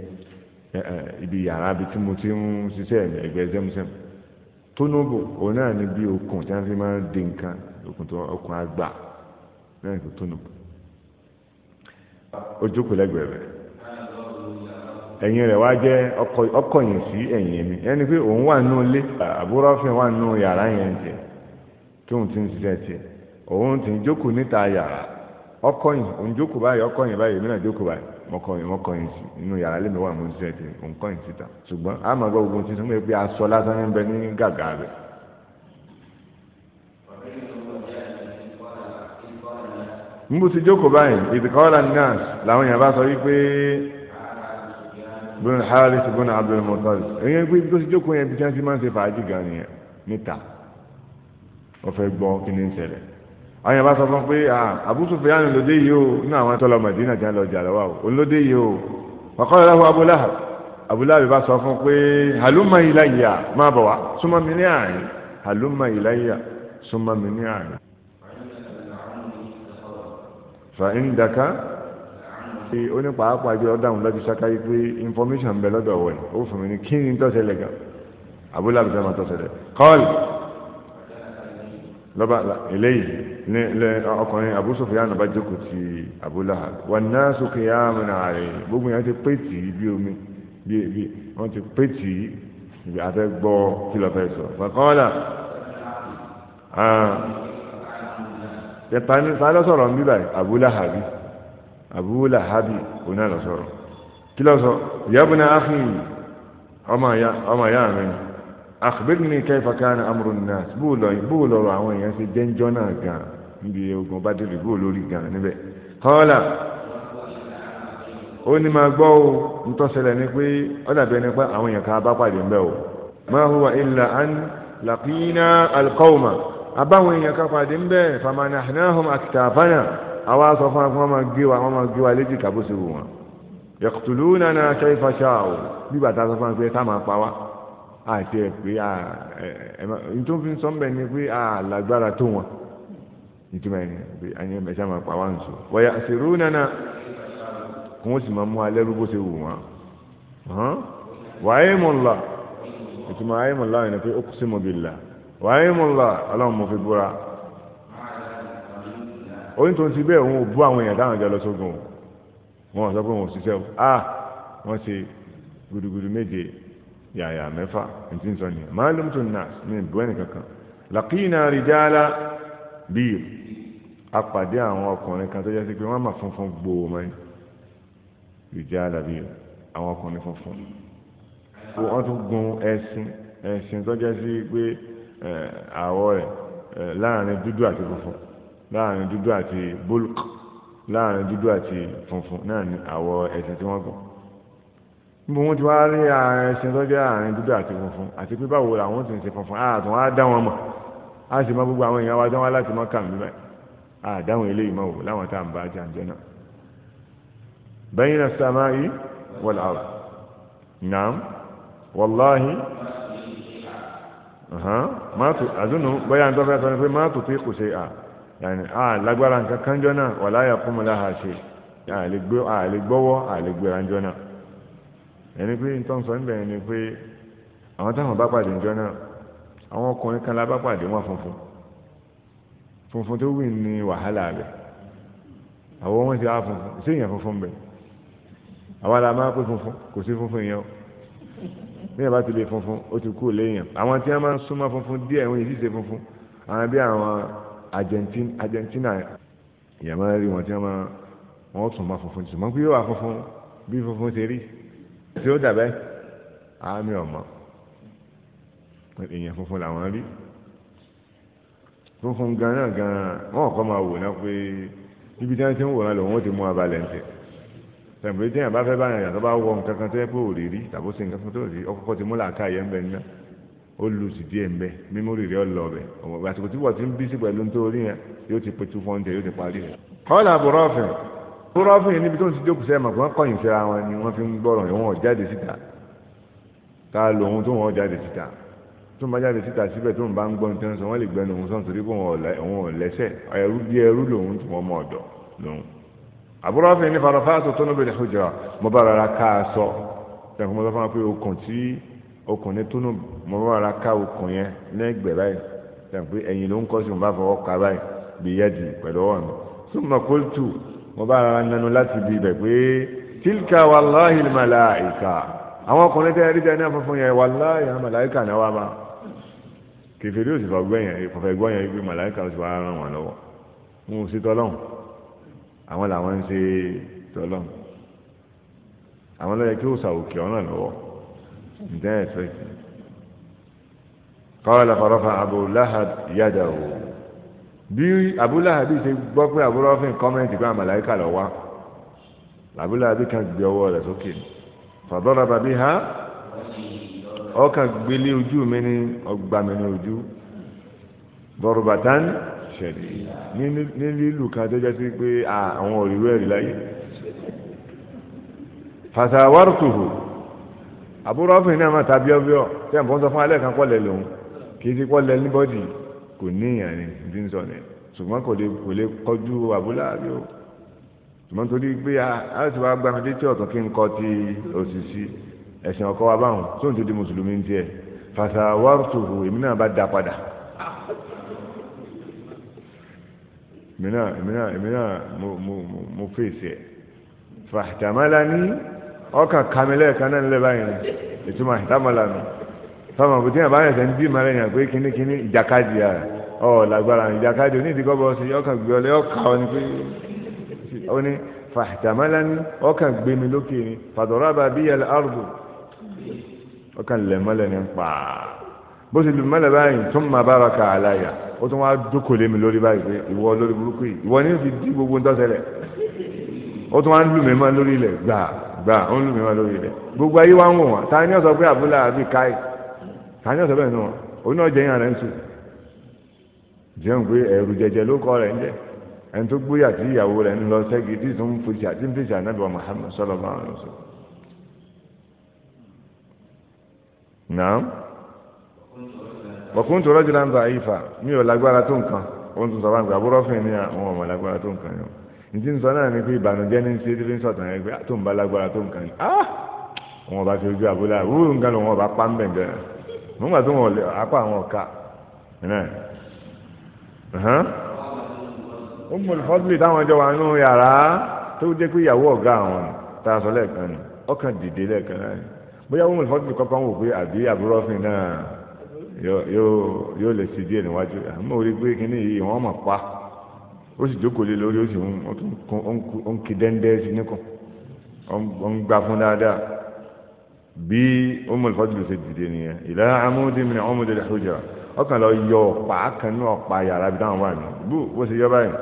ibi yàrá ibi tí mo ti ń ṣiṣẹ́ ẹgbẹ́ zẹ́mùsẹ́mù tónúbù òun náà ní bí okùn tí wọ́n fi máa ń di nǹkan okùn tó okùn àgbà lẹ́yìn tó ebe ojókòó lẹ́gbẹ̀ẹ́ rẹ̀ ẹ̀yìn rẹ̀ wá jẹ́ ọkọ̀ yẹn sí ẹ̀yìn mi ẹni pé òun wà nínú ilé àbúrò ọ̀fìn wà nínú yàrá yẹn jẹ tóun ti ń ṣiṣẹ́ tiẹ̀ òun ti ń jókòó níta yàrá ọkọ̀ òun jókòó báyìí ọkọ̀ mọ́kànlá inú yàrá lèmi wà mọ́ ṣiṣẹ́ tèmi mò ń kọ́ ìsìta ṣùgbọ́n a máa gbọ́ ogun tuntun pé aṣọ lásán ń bẹ ní gàgà rẹ̀. níbo ti jókòó báyìí ìdíkọ́lá náà làwọn èèyàn bá sọ wípé bùnú Harith bùnú Abdul Muttalib èyí pé tó ti jókòó yẹn bí jẹ́ ti máa ń ṣe fàájì gan nìyẹn níta wọ́n fẹ́ gbọ́ kí ni ń ṣẹlẹ̀ àwọn yẹn bá sọ fún pé ah, Abu Sufyan lóde yìí o inú àwọn tó lọ Madina jẹ́ lọ jà lọ́wọ́ o lóde yìí o wàkọ́ lọ́wọ́ Abu Lahab Abu Lahab bá sọ fún pé halumma ilayya máa bọ̀ wá súnmọ́ mi ní àárín halumma ilayya súnmọ́ mi ní àárín. fa indaka ṣe onípàápàá jẹ́ ọ̀dáhùn lọ́jọ́ sáká yìí pé information ń bẹ lọ́dọ̀ wẹ̀ ó fún mi ní kí ni tọ́sẹ̀lẹ̀ gan Abu Lahab tẹ́ máa lọ́ba eléyìí ní ilẹ̀ ọkùnrin Abu Sufyan bá jókòó ti Abu Lahab wà náà sókè yá mìíràn ààrẹ gbogbo yẹn ti pé tì í bí omi bí bí wọ́n ti pé tì í ibi afẹ́ gbọ́ kí lọ́ọ́ fẹ́ sọ. fàkọ́ọ́là tẹ̀pání sálọ́ sọ̀rọ̀ ń bí báyìí Abu Lahab Abu Lahab òun náà lọ sọ̀rọ̀ kí lọ́ọ́ sọ yabna akhi ọmọ ìyá mi akhbirni kayfa kana amru nnas bóò lọ́rọ̀ àwọn èèyàn ṣe jẹ́ńjọ́ náà gan níbi ogun bádìrì bóò lórí gan níbẹ̀ kọ́lá ó ní máa gbọ́ o ń tọ́sẹ̀lẹ̀ ni pé ó dàbí ẹni pé àwọn èèyàn kan bá pàdé ń bẹ̀ o ma huwa illa an laqina alqawma abáwọn èèyàn kan pàdé ń bẹ̀ famanahnahum aktafana àwa sọ fún akọ́ máa gbé wa wọ́n máa gbé wa léjì kàbó sí wọn yaqtulunana kayfa sha'u bí bàtà sọ fún akọ́ yẹ ká máa pa wá àti ẹ̀ pé nítorí fi ń sọ mbẹ́ ni pé lágbára tó wọn nítorí ẹni pé ẹni ẹ̀ṣá máa pa wá nìṣó wọ́yà ṣèrú nana kí wọ́n sì máa mú alẹ́ rú bó ṣe wù wọ́n wàáyé mọ̀lá ìtumọ̀ ayé mọ̀lá ẹni pé ó kù sí mọ̀bìlá wàáyé mọ̀lá ọlọ́run mo fi búra oyin tó ń ti bẹ́ẹ̀ òun ò bú àwọn èèyàn táwọn jẹ́ lọ sógun wọn sọ pé wọn ò ṣiṣẹ́ ah wọ́n ṣe gudugudu méje yàyà mẹ́fà ntí nsọ nìyẹn màálùm tó nà ní ìbú ẹnì kankan làkìnà rìjàlá bíi apàdé àwọn ọkùnrin kan tó yẹ sí pé wọ́n mà funfun gbòò mọ́ ẹ rìjàlá bíi àwọn ọkùnrin funfun wọ́n tún gun ẹṣin ẹṣin tó jẹ́ sí pé àwọ̀ rẹ̀ láàrin dúdú àti funfun láàrin dúdú àti bólk láàrin dúdú àti funfun náà ni àwọ̀ ẹṣin tí wọ́n gùn níbo wọn ti wá rí ààrẹ ẹsìn tó jẹ́ ààrẹ dúdú àti funfun àti pé báwo làwọn ti ń ṣe funfun àtún á dá wọn mọ̀ á sì mọ gbogbo àwọn èèyàn wa tó wá láti mọ kàmí báyìí àdáhùn eléyìí mọ̀ wò láwọn tá à ń bá jà ń jẹ́ náà bẹ́yìn náà sàmá yìí wọ́n làwọ̀ nàám wàláhì àdúnù bóyá nítorí fẹ́ sọ ni pé má tò fi ṣe à lágbára nǹkan kan jọ náà wàláyà kúmùlá ha ṣe à ẹni pé nítorí sọ níbẹ̀ ni pé àwọn táwọn bá pàdé ìjọ náà àwọn ọkùnrin kan lábá pàdé wọn funfun funfun tó wù ní wàhálà rẹ̀ àwọn wọn ti á funfun sí èèyàn funfun bẹ̀ àwọn àlà máa pé funfun kò sí funfun yẹn o níyàn bá ti lè funfun ó ti kú léèyàn àwọn tí wọn máa ń súnmọ́ funfun díẹ̀ wọn yìí ṣe funfun àwọn bí àwọn Argentina Argentina ìyàmọ́ rí wọn tí wọn máa wọn tún máa funfun tùmọ́ pé yóò wà funfun bí funfun ṣe rí tí ó dàbẹ́ àmì ọ̀mọ́ èèyàn funfun làwọn rí funfun ganan ganan wọn kọ́ máa wò náà pé níbi tí wọ́n ti ń wòran lòun ó ti mú abalẹ̀ ńtẹ̀ tẹ̀m̀pé téèyàn bá fẹ́ bá yàn tó bá wọ nǹkan kan tó yẹ pé ò rí rí tàbó ṣe nǹkan kan tó rí ọkọ̀ ti mú làákà yẹn ń bẹ ní náà ó lu sì díẹ̀ ń bẹ mímórì rẹ̀ ọ̀lọ́ ọ̀bẹ àsìkò tí wọ́n ti ń bí sí pẹ̀lú nítorí yẹn yóò ti pe two yóò ti parí rẹ̀. kọ́lá àbúrò kúrọ́fù yẹn níbi tó ń ti jókòó sẹ́yìn màgbọ́n kọ̀yìn síra wọn ni wọ́n fi ń gbọ́rọ̀ yẹn wọ́n jáde síta tá a lò ohun tó wọ́n jáde síta tó ń bá jáde síta síbẹ̀ tó ń bá ń gbọ́n tẹ́nu sọ wọ́n lè gbẹ́nu òun sọ́n torí pé òun ò lẹ́sẹ̀ ẹrú bí ẹrú lòun tó wọ́n mọ̀ ọ̀dọ̀ lòun. àbúrò ọ̀fìn ní farafá tó tónú bẹ̀rẹ̀ hujra mo bá rárá ká a sọ tẹ̀kọ́ mo sọ fún wa pé okùn tí okùn ní tónú mo bá rárá mo bá ara nanu láti bí ibẹ̀ pé tilka wàláhì màláìka àwọn ọkùnrin tẹ́ ẹ̀rí tẹ́ ní afọ́fún yẹn wàláhì màláìka náà wà máa kèfèrí ò sì fà gbọ́ yẹn kọ̀fẹ́ gbọ́ yẹn pé màláìka ò sì wá ràn wọ́n lọ́wọ́ wọn ò sí tọ́lọ́hùn àwọn làwọn ń ṣe tọ́lọ́hùn àwọn lọ́yẹ kí ó sàwòkè ọ̀nà lọ́wọ́ ǹjẹ́ ẹ̀ fẹ́ kọ́ ọ́ lọ́fọ̀rọ̀fọ̀ Abu Lahab yàdà òwò bí abúláhàbí ṣe gbọ́ pé àbúrọ́fín kọ́mẹ́ǹtì pé àmàlàíkà lọ wá abúláhàbí kan gbé ọwọ́ rẹ̀ sókè fàdọ́rà bàbí ha ọkàn gbélé ojú mi ní ọgbà mi ní ojú bọ̀rùbàtán ṣẹlẹ̀ ní lílù kan tó jẹ́ sí pé àwọn òrìwé ẹ̀rí láyé fàtàwárùtùhù àbúrọ́fín náà má tàbí ọ́bíọ́ tẹ́ ǹkan sọ fún alẹ́ kan kọ́lẹ̀ lòun kì í ti kọ́lẹ̀ níbọ́dì kò ní èèyàn ni ìdí ń sọ ni ṣùgbọ́n kò lè kò lè kọjú àbúlá rí o ṣùgbọ́n torí pé a ti wá gbàmí létí ọ̀tún kí n kọ́ ti òṣìṣì ẹ̀sìn ọkọ wa báwọn tóun ti di mùsùlùmí ń tiẹ̀ fàṣà wàrùtùhù èmi náà bá da padà èmi náà èmi náà èmi náà mo mo mo fèsì ẹ̀ fàtàmálà ní ọkà kàmílẹ̀ kan nílẹ̀ báyìí ìtumọ̀ ìtàmọ́lá sọmọ kò tí yàn bá yàn sẹ́ni bí màrẹ̀ yàn pé kíní kíní ìjàkadì à ọ làgbára ìjàkadì onídìí kọ́ bọ́ sí ọkàn gbé ọlẹ́ ọkà ọ ni pé ó ní fàtàmálà ní ọkàn gbé mi lókè ni fàtọ̀rọ̀ àbá bí yàrá àrùbù ọkàn lẹ̀ mọ́lẹ̀ ní pa bó ti lù mọ́lẹ̀ báyìí tún máa bára ka àlàyà ó tún wá dúkòlé mi lórí báyìí pé ìwọ lórí burúkú yìí ìwọ ní fi dí gbogbo ntọ́sẹ̀lẹ̀ ó tún wá lù mí mọ́ lórí ilẹ̀ gbà gbà ó lù mí mọ́ lórí ilẹ̀ gbogbo ayé wá ń wò wọ́n ta ni ó pé àbúlà àbí káyìí tani ọ̀sẹ̀ bẹ́ẹ̀ nù wọn òun náà jẹyìn rẹ̀ ń sùn jẹun pé ẹ̀rù jẹjẹ ló kọ́ rẹ̀ ń jẹ ẹni tó gbóyà tí ìyàwó rẹ̀ ń lọ sẹ́gi tí tó ń fèsì àti ń fèsì ànábì wa Muhammad sallallahu alaihi wasallam. naam wọ̀kún tó rọ́jò láǹbà ìfà mi ò lágbára tó nǹkan òun tó sọ fún mi àbúrò fún mi àwọn ọmọ lágbára tó nǹkan yẹn n ti náà ni pé ìbànújẹ́ ní ṣe tí sọ̀tàn yẹn pé ah, tó ń bá lágbára tó nǹkan yẹn ah wọn bá fi ojú àbúlà wúrú nǹkan lòun ọba pa ń bẹ̀ gẹ́rẹ́ nígbà tó wọn apá àwọn ọ̀ka ó mú fọ́tìlì táwọn ọjọ́ wa nínú yàrá tó jẹ́ pé ìyàwó ọ̀gá àwọn tá a sọ lẹ́ẹ̀kan nù ọkàn dìde lẹ́ẹ̀kan náà bóyá ó mú fọ́tìlì kọ́kọ́ wò pé àbí àbúrọ́fin náà yóò lè ṣe díẹ̀ níwájú àmọ́ orí pé kíní yìí wọ́n mọ̀ pa ó sì jókòó lé lórí ó sì ń kí dẹ́ndẹ́ sí níkùn ó ń gbà fún dáadáa bí Ummul Fadl ṣe dìde nìyẹn ìlà amúdí mi ni amúdí rẹ̀ hujra ọkàn lọ yọ ọ̀pá kan ní ọ̀pá yàrá bí táwọn wà ní bú bó ṣe yọ báyìí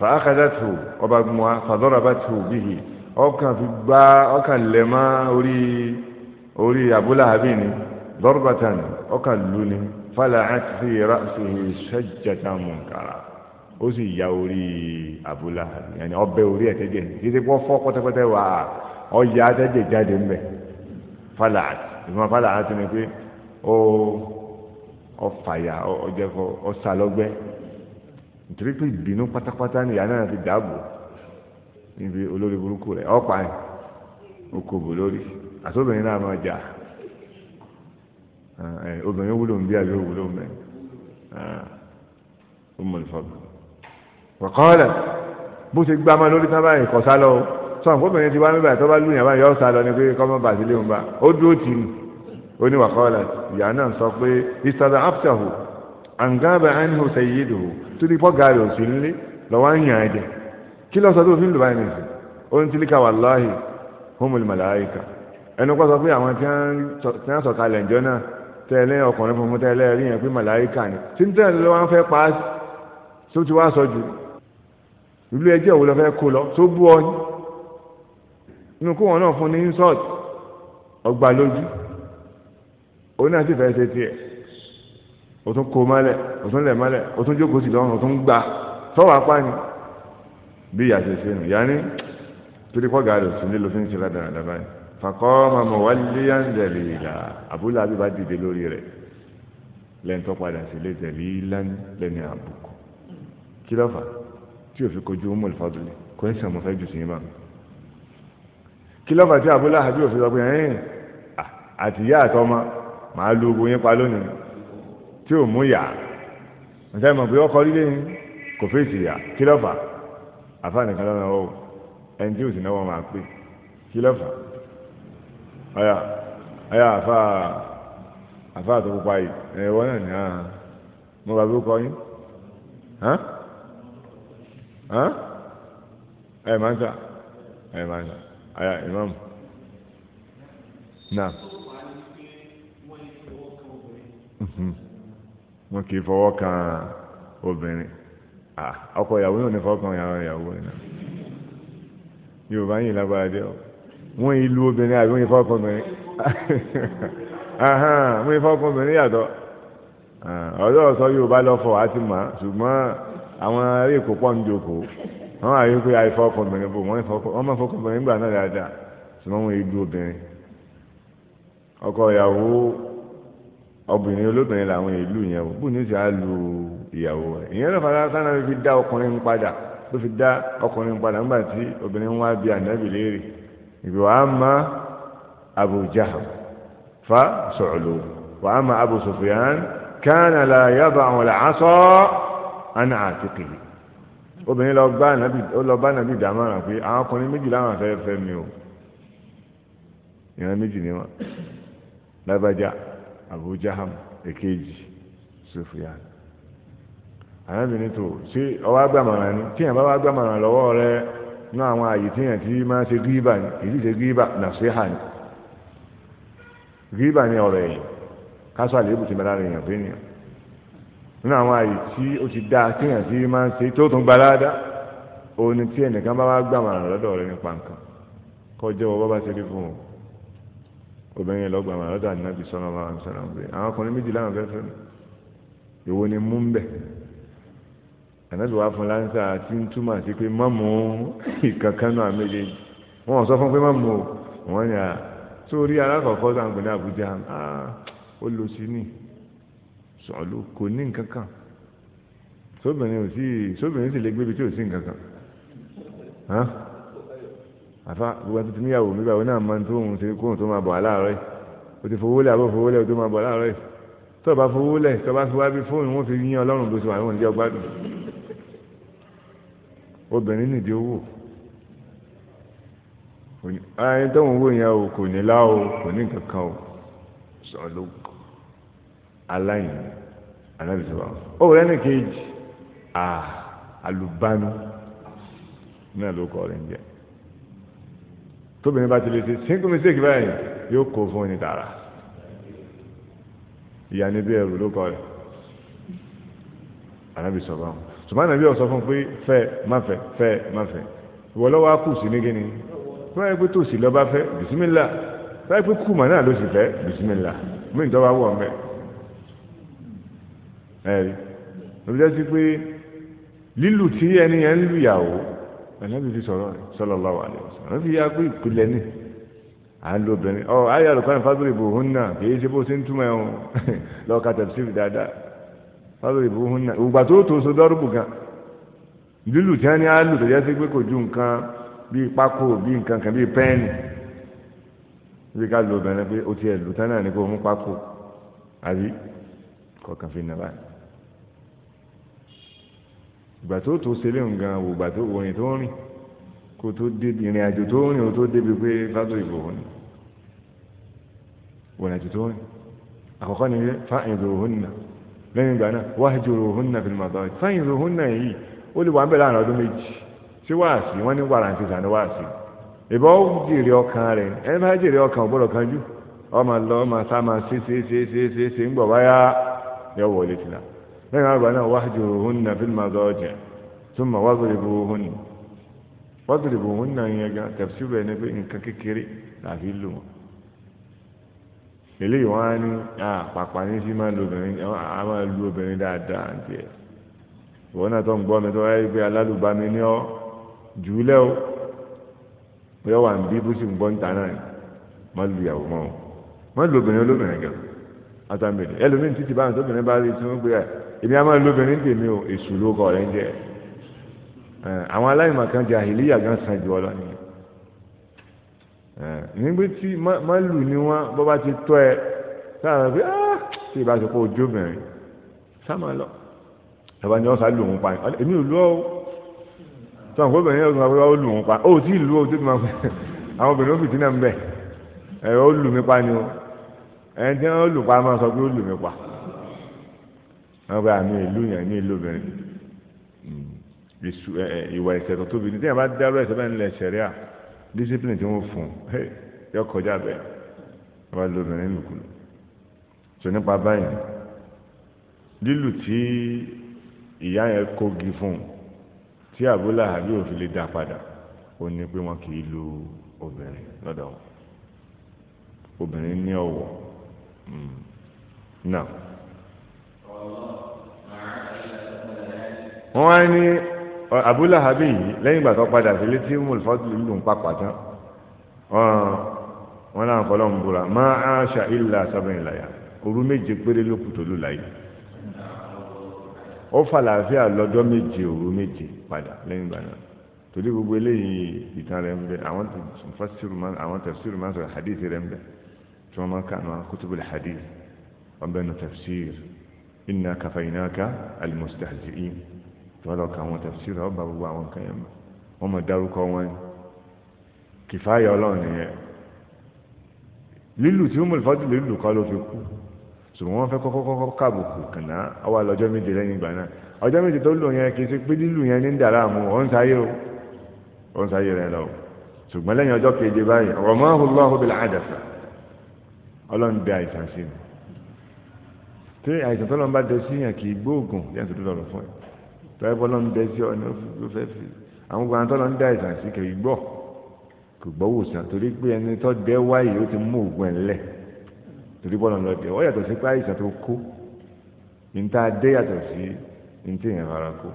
fàákàdàtù ọba gbọmọ fàdọ́rọ̀bàtù bíhì ọkàn fi gbá ọkàn lẹ̀ mọ́ orí orí Abu Lahabi ni dọ́rọ̀bàtàn ọkàn lù ní fala'at fi ra'sihi shajjatan munkara ó sì ya orí Abu Lahabi yàní ọbẹ̀ orí ẹ̀tẹ́jẹ̀ kí ti pọ́ fọ́ pọ́tẹ́pọ́tẹ́ wà ọ̀yà ẹ̀tẹ́jẹ̀ jáde ńbẹ̀ falaat ìfúnma falaat ni pé ó ọfàyà ọjẹkọ ọsàlọgbẹ nítorí pé ìbínú pátápátá ni ìyá náà fi dààbò níbi olórí burúkú rẹ ọ̀pá ẹ̀ okòbò lórí àtòbìnrin náà máa jà obìnrin wúlò ń bí àbí òwúlò ń bẹ ó mọ̀ nífọ̀ọ́ bọ̀ kọ́ọ̀lẹ̀ bó ti gbá ma lórí sábà ìkọ̀sá lọ́wọ́ sọ̀rọ̀ fóbìnrin ti wá níbà tó bá lùyàn báyìí yọ sá lọ ni pé kọ́mọ́ bàtí lé wọn bá ó dúró tì í oníwàkọ́lá ìyá náà sọ pé ìsàdà áfítàhù àǹgáàbà àìníhù sẹ̀yìdù tó ní pọ́gà rẹ̀ òsì nílé lọ́wọ́ ń yàn ẹ̀jẹ̀ kí lọ́sọ tó fi ń lù báyìí nìyí ó ń tilíkà wàláhì humul màláìkà ẹnu kọ́ sọ pé àwọn tí wọ́n sọ kalẹ̀ ìjọ náà tẹ́lẹ̀ ọkùnrin funfun tẹ́lẹ̀ rí yẹn pé màláìkà ni tí ń tẹ́lẹ̀ lọ́wọ́ fẹ́ pa á tó ti wá sọ jù ìlú ẹjẹ́ òun kó lọ tó bú ọ inú kó wọn náà fún ní insult ọgbà lójú òun náà sì fẹ́ ṣe tiẹ̀ o tún kó mọ́lẹ̀ o tún lẹ̀ mọ́lẹ̀ o tún jókòó sí lọ́rùn o tún gbà sọ́wọ́ apá ni bí ìyá ṣe ṣe nù yá ní torí kọ́ gàdọ̀ sí nílò fi ń ṣe ládàá ládàá báyìí fàkọ́ mọ̀mọ́ wá lé yáǹdẹ̀lì ìlà àbúlé abíbá dìde lórí rẹ̀ lẹ́ńtọ́ padà sí lé tẹ̀lé lẹ́ni lẹ́ni àbùkù kí lọ́fà tí òfin kojú mọ̀lẹ́fàdùlẹ̀ kò ń sàmọ́fẹ́ jù sí yín kí lọ́fà tí Abu Lahab òfin sọ pé ẹ̀yìn àtìyá àtọmọ màá lu ogun yín pa lónìí tí ò mú yà ǹjẹ́ mọ̀ pé ọkọ̀ líle yín kò fèsì yà kí lọ́fà àfáàní kan lọ́nà ọ̀wọ́ ẹni tí ò sì náwó máa pè kí lọ́fà ọ̀yà ọ̀yà àfáà àfáà tó pupa yìí ẹ̀wọ́ náà ní àhàn mo bàbá ó kọ yín ẹ̀ máa ń sà ẹ̀ máa ń sà aya imam náà mhm. wọn kì í fọwọ́ kan obìnrin ọkọ ìyàwó náà ní fọwọ́ kan ìyàwó náà yorùbá yìí lágbára dé ọ wọn ìlú obìnrin àbí wọn yìí fọwọ́ kan obìnrin wọn yìí fọwọ́ kan obìnrin yàtọ̀ ọ̀dọ́ sọ yorùbá lọ́fọ̀ àti mà ṣùgbọ́n àwọn eré ìkópọ̀ ń jókòó wọ́n wà yí pé àìfọkànbìnrin bò wọ́n máa fọkànbìnrin gbà náà dáadáa ṣùgbọ́n wọ́n igbó obìnrin ọkọ ìyàwó obìnrin olóbìnrin làwọn ìlú yẹn o bóun ní ti á lu ìyàwó rẹ̀ ìyẹn lọ́fà lásán náà fi dá ọkùnrin padà ló fi dá ọkùnrin padà nígbà tí obìnrin wá bí ànábì léèrè ìgbà wàá ma Abu Jahl fa sọ̀lù wàá ma Abu Sufyan kánà àwọn làásọ̀ àná àtìkìlì. obìnrin lọ bá nàbì ó lọ bá nàbì dámọ̀ràn pé àwọn ọkùnrin méjì láwọn mi o ìran méjì ni wọn lábàjá Ekeji, èkejì Sufyan arábìnrin tó ṣé ọwọ́ agbàmọ̀ràn ni tíyẹn bá wá agbàmọ̀ràn lọ́wọ́ rẹ ní àwọn àyè tíyẹn tí máa ṣe gíríbà ni èyí ṣe gíríbà ni gíríbà ni ọ̀rọ̀ ẹ̀yìn ti nínú àwọn àyè tí ó ti dáa kéèyàn sí máa ń ṣe tó tún gbalada òun ni tí ẹnìkan bá wá gbàmọ̀ràn lọ́dọ̀ rẹ nípa nǹkan kọjá wọ bábá ṣe rí fún un obìnrin lọ gbàmà lọ́dọ̀ ànábì sọ́nà máa ń sọ́nà pé àwọn ọkùnrin méjì láwọn fẹ́ fẹ́ ìwo ni mú ń bẹ̀ ànábì wá fún láńsà tí ń túmọ̀ sí pé má mú ìkankanú àmẹ́lẹ́ wọn sọ fún pé má mú o wọn yà sórí alákọ̀ọ́kọ́ sàǹgbọ̀n ní Àbújá ó lọ sí ni sọ̀lú kò ní nǹkan kan sóbìnrin sì lè gbé ibi tí ò sí nǹkan kan àfa gbogbo àti tìmíyàwó mi báwo náà máa ń tóun ṣe kóun tó máa bọ̀ aláàárọ̀ yìí o ti fowó lẹ̀ àbọ̀ fowó lẹ̀ o tó máa bọ̀ aláàárọ̀ yìí tó o bá fowó lẹ̀ tó o bá fi wá bí fóònù wọn fi yín ọlọ́run gbèsè àwọn ìdí ọgbádùn obìnrin nìdí owó ẹni tó ń wò yẹn o kò ní láwo kò ní kankan o sọ̀lú aláìní anabi sọ̀rọ̀ ó rẹ́ ní kejì ah, àlùbánu náà ló kọ́ rẹ̀ ń jẹ́ tóbìnrin bá ti lè ṣe single mistake báyìí yóò kó fún ní tààrà ìyá níbi ẹrù ló kọ́ rẹ̀ anabi sọ̀rọ̀ àwọn ṣùgbọ́n anabi ọ̀sọ́ fún pé fẹ́ má fẹ́ fẹ́ má fẹ́ ìwọ lọ́wọ́ á kù sí ní kíni tó báyìí pé tòsí lọ́ba fẹ́ bisimilá tó báyìí pé kùmà náà ló sì fẹ́ bisimilá mí ìjọba wọ̀ mẹ́ẹ̀. ẹ̀rí lóbi sí pé lílù tí ẹni yẹn ń lu ẹ̀lẹ́bí fi sọ̀rọ̀ rẹ̀ sallallahu alaihi wasallam ló fi yá pé ìpìlẹ̀ ní à ń lo obìnrin ọ ayé àlùkọ́ni fábírì bòhún náà kì í ṣe bó ṣe ń túmọ̀ ẹ̀hún *laughs* lọ́ọ̀ka tẹ̀sífì dáadáa fábírì náà ìgbà tó tó so dọ́rùbù gan lílù tí á lù tó ìgbà tó tó ṣe léwu gan wò ìgbà tó wòrìn tó rìn kó tó dé ìrìn àjò tó rìn ó tó débi pé fátó àjò tó rìn àkọ́kọ́ ni fáìlì òun nà lẹ́yìn ìgbà náà wájú òun nà fìlìmọ̀ báyìí fáìlì òun nà yìí ó lè wà ń bẹ̀ láàrin ọdún méjì tí wáàsí wọ́n ní wàràǹtì sàní wáàsí ìbọn ó jèrè ọkàn rẹ̀ ẹni bá jèrè ọkàn ò gbọ́dọ̀ ọmọ lọ ọmọ sá máa ṣe ṣe ṣe ṣe lẹ́yìn àgbà náà wahjuruhunna fil madaji thumma wadribuhunna wadribuhunna yẹn gan tafsir bẹ́ẹ̀ ni pé nǹkan kékeré làfi lù wọ́n eléyìí wọn á ní àpàpà ní sí máa lu obìnrin á máa lu obìnrin dáadáa àǹtí ẹ̀ ìwọ náà tó ń gbọ́ mi tó wáyé pé alálùbami ní ọ́ jùlẹ̀ o bóyá wà ń bí bó sì gbọ́ ń náà má lu ìyàwó mọ́ o má olóbìnrin gẹ̀rọ àtàmìlì ẹlòmíín títí báyìí tóbìnrin bá rí tí wọ́n gbé ẹ̀ èmi a máa lóbìnrin tèmi o èṣù ló kọ rẹ ń jẹ àwọn aláìmọ̀ kan jàhílíyà gan san jù ọ lọ tí mọ́lù ni wọ́n bọ́ bá ti tọ́ ẹ sáà pé ṣé ìbá sọ pé ojú obìnrin sáàmà lọ ẹ̀bá ni wọ́n sá lù òun pa èmi ò lù ọ́ o tí wọn kó obìnrin yóò tún máa pé wọ́n lù òun pa ó tí ì lù ó tó máa pé *laughs* àwọn obìnrin ó fìtí náà ń bẹ̀ ẹ̀rọ ó lù mí pa ni o ẹni tí wọ́n lù pa máa sọ pé ó lù mí pa wọn bá àmì ìlú yẹn ní ìlú obìnrin hmm. ìwà ẹ̀ṣẹ̀ tó tóbi ní tí yẹn bá dárò ẹ̀ṣẹ̀ bẹ́ẹ̀ nílẹ̀ ṣẹ̀ríà discipline tí wọ́n fún yọ kọjá bẹ́ẹ̀ wọn bá lu obìnrin lùkulù tó nípa báyìí lílù tí ìyá yẹn kógi fún un tí àbúlà àbí òfin lè dá padà ó ní pé wọn kì í lu obìnrin lọ́dọ̀ wọn obìnrin ní ọ̀wọ̀ hmm. náà wọ́n á ní abúláhàbí yìí lẹ́yìn ìgbà tó padà sí létí mùlfọ́tì lù ń papà tán wọ́n náà kọ́ lọ́n búra máa á ṣà ilà sábẹ́yìn láyà òru méje péré ló kù tó lù láyé ó fàlàáfíà lọ́jọ́ méje òru méje padà lẹ́yìn ìgbà náà torí gbogbo eléyìí ìtàn rẹ̀ ń bẹ àwọn tafsiru máa ń sọ̀rọ̀ hadith rẹ̀ ń bẹ tí wọ́n máa ń kà ní wọn kutubul hadith ọ̀bẹ̀nu tafsir inna kafainaka almustahzi'in tọ́lọ̀ ka àwọn tafsir ọba gbogbo àwọn nǹkan yẹn wọ́n mọ̀ dárúkọ wọn kìfáyà ọlọ́run nìyẹn lílù tí ó mọ̀ ìfọ́dù lílù kọ́ ló fi kú ṣùgbọ́n wọ́n fẹ́ kọ́kọ́ kàbùkù kànáà ọwọ́ lọ́jọ́ méje lẹ́yìn ìgbà náà ọjọ́ méje tó lò yẹn kì í ṣe pé lílù yẹn ní dàrá mu ó ń o ó ń sáyé rẹ lọ ṣùgbọ́n lẹ́yìn keje báyìí ramahu bil adasa ọlọ́run bẹ àìsàn sí tí àìsàn tọ́lọ́ bá dẹ síyàn kì í gbóògùn yẹn tó lọ́rọ̀ fún ẹ tọ́ ẹ bọ́ lọ́n dẹ sí ọ ní ó fẹ́ fi àwọn gbogbo àwọn tọ́lọ́ ń dá àìsàn sí kì í gbọ́ kò gbọ́ wòsàn torí pé ẹni tọ́ dẹ wáyé ó ti mú òògùn ẹ̀ lẹ̀ torí bọ́ọ̀lù lọ dẹ ọ yàtọ̀ sí pé àìsàn tó kó níta dé yàtọ̀ sí ní tí èèyàn rárá kó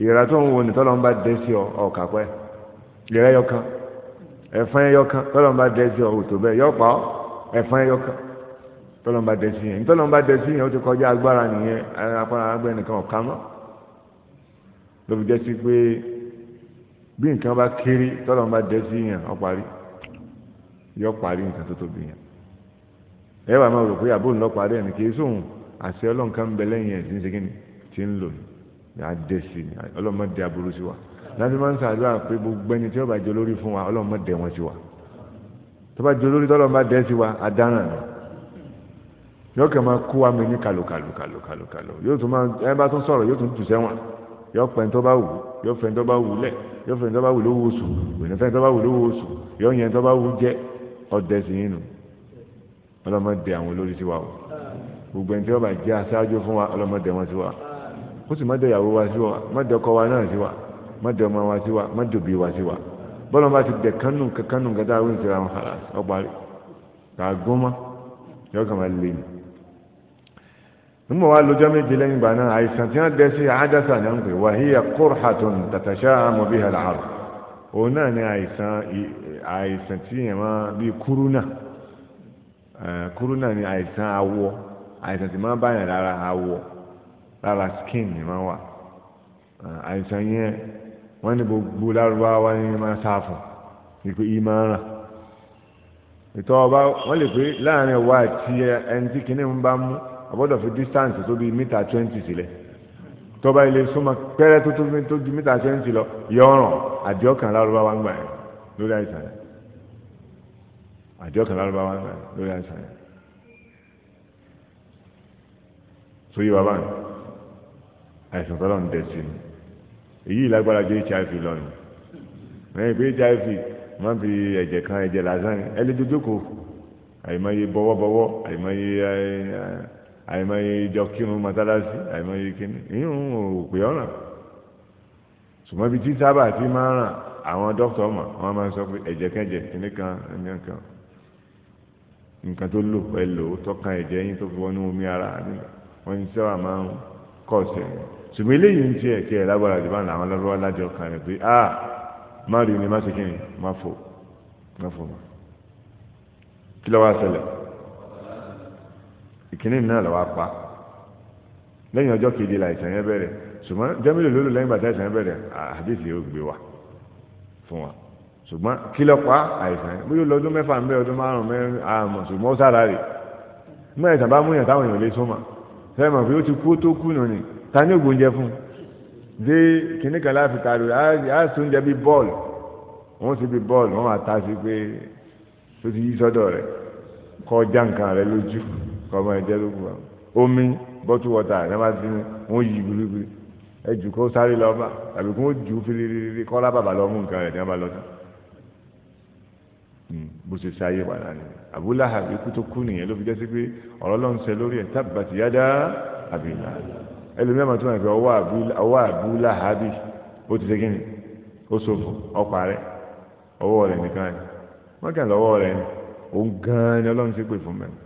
ìrora tó ń wo ni tọ́lọ́ ń bá dẹ sí ọ ọ̀kà pẹ́ ìrẹ́ yọkan ẹ̀fọn yọkan tọ́lọ́ bá dẹ sí ọ òtò tọ́lọ́mbà dẹ̀sí yẹn tọ́lọ́mbà dẹ̀sí yẹn ó ti kọjá agbára nìyẹn apá agbẹ́ nìkan ọ̀ká mọ́ ló fi jẹ́ sí pé bí nǹkan bá kéré tọ́lọ́mbà dẹ̀sí yẹn ó parí yọ parí nǹkan tó tóbi yẹn ẹ wà máa rò pé àbó ńlọ parí ẹ̀ kìí sóhun àti ọlọ́nkà bẹ lẹ́yìn ẹ̀ tí ni tí ń lò ní àdẹ́sí ni ọlọ́mọdé aburú sí wa láti máa ń sàdúrà pé gbogbo ẹni tí ó bá jẹ olórí fún wa ọlọ́mọdé wọn sí wa tó bá jẹ olórí tọ́lọ́mọdé sí wa adáràn ni yóò kẹ́ máa kó wa mi ní kàlùkàlù kàlùkàlù yóò tún máa ẹ bá tún sọ̀rọ̀ yóò tún tù sẹ́wọ̀n yóò pẹ́ tó bá wù yóò fẹ́ tó bá wù lẹ̀ yóò fẹ́ tó bá wù lówó oṣù òní fẹ́ tó bá wù lówó oṣù yóò yẹn tó bá wù jẹ́ ọ̀dẹ̀ sí yín nù ọlọ́mọdé àwọn olórí sí wa o gbogbo ẹni tí wọ́n bá jẹ́ aṣáájú fún wa ọlọ́mọdé wọn sí wa ó sì mọ́dé ìyàwó wa sí wa mọ́dé ọkọ wa náà sí wa mọ́dé ọmọ wa sí wa mọ́dé òbí wa sí wa bọ́lá bá ti dẹ̀ kánú kánú gàdá àwọn ìṣẹ̀lẹ̀ àwọn ọgbà rẹ̀ kà á gún mọ́ yọ̀ọ́ kàn máa lé ni nígbà wàá lọ́jọ́ méje lẹ́yìn ìgbà náà àìsàn tí wọ́n dẹ́ sí àádásà náà ń pè wá híyà kórhatun tàtàṣà àmọ́bí àlàárù òun náà ni àìsàn àìsàn tí yẹn máa bí kúrúnà kúrúnà ni àìsàn awọ àìsàn tí máa báyàn lára awọ lára skin ni máa wà àìsàn yẹn wọ́n ní gbogbo lárúbáwá ni máa sáfù ìpè ìmọ̀ràn ìtọ́ ọba wọ́n lè pé láàrin ọwọ́ àti ẹni tí kinní ń bá mú àbọ̀dọ̀ fi distance tó bí mítà twenty sílẹ̀ tọ́ba ilé súnmọ́ pẹ́rẹ́ tó tó ju mítà twenty lọ yọ̀ọ̀ràn àdìọ́kàn lárúbá wa ń gbà yẹn lórí àìsàn yẹn àdìọ́kàn lárúbá wa ń gbà yẹn lórí àìsàn yẹn tó yí wa báyìí àìsàn tọ́lọ́ ń dẹ̀ sí i èyí ìlágbára jẹ́ hiv lọ́nà ẹ̀yìn pé hiv má fi ẹ̀jẹ̀ kan ẹ̀jẹ̀ lásán ẹ̀ lè dojúkọ àìmọye bọ́wọ́bọ́wọ́ àìmọye ẹ̀ ẹ̀ àìmọye ìjọ kírun mọ́tálásí àìmọye kíní ìyún ò pè ọ̀ràn ṣùgbọ́n ibi tí sábà ti máa ràn àwọn dókítà ọmọ wọn máa sọ pé ẹ̀jẹ̀ kẹ́jẹ̀ kíní kan ẹni kan nǹkan tó lò ẹ lò ó tọ́ka ẹ̀jẹ̀ yín tó fi wọnú omi ara wọn ní sábà máa ń kọ̀ sí ẹ̀ ṣùgbọ́n eléyìí ń tiẹ̀ kí ẹ lágbára jù bá làwọn lọ́wọ́ lájọ kan rẹ̀ pé ah má rí ni má ṣe kí ni má fò má fò má kí lọ́wọ́ ìkíní náà lọ́wọ́ apá lẹ́yìn ọjọ́ keje la ìsàn yẹn bẹ̀rẹ̀ ṣùgbọ́n jẹ́mílì lólu lẹ́yìn bàtà ìsàn yẹn bẹ̀rẹ̀ àdéhìí yóò gbé wa fún wa ṣùgbọ́n kí lọ pa àìsàn yẹn bóyá lọ́dún mẹ́fà ń bẹ ọdún márùn-ún mẹ́rin àmọ̀ ṣùgbọ́n ó sára rè mọ́ ẹ̀sán bá múyàn táwọn èèyàn lè súnmọ́ fẹ́ẹ́ mọ̀ pé ó ti kú tó kú nù ni ta ní ògbóúnjẹ fún dé kínní kan láti ta lò á sóúnjẹ bíi bọ́ọ̀lù wọ́n sì bíi bọ́ọ̀lù wọ́n máa ta sí pé ó ti yí sọ́dọ̀ rẹ̀ kọjá nǹkan rẹ̀ lójú kọ́mọ ẹ̀jẹ̀ ló kù wá omi bọ́tú wọ́tà ẹ̀ má dín ní wọ́n yí gbirigbiri ẹ jù kó sáré lọ bá tàbí kó jù fìlìlìlì kọ́lá bàbà lọ mú nǹkan rẹ̀ ní abalọ́ hmm, bó ṣe ṣáyé padà ni Abu Lahab ikú tó kú nìyẹn ló fi jẹ́ sí pé ọ̀rọ̀ ló ń ṣe lórí ẹ̀ tabbat yada Abi Lahab ẹlòmíràn máa tún àgbẹ̀ ọwọ́ Abu Lahab ó ti ṣe kí ni ó ṣòfò ọ̀pá rẹ̀ ọwọ́ rẹ̀ nìkan ni wọ́n kàn lọ́wọ́ rẹ̀ ni gan ni ọlọ́run ṣe pè fún mẹ́rin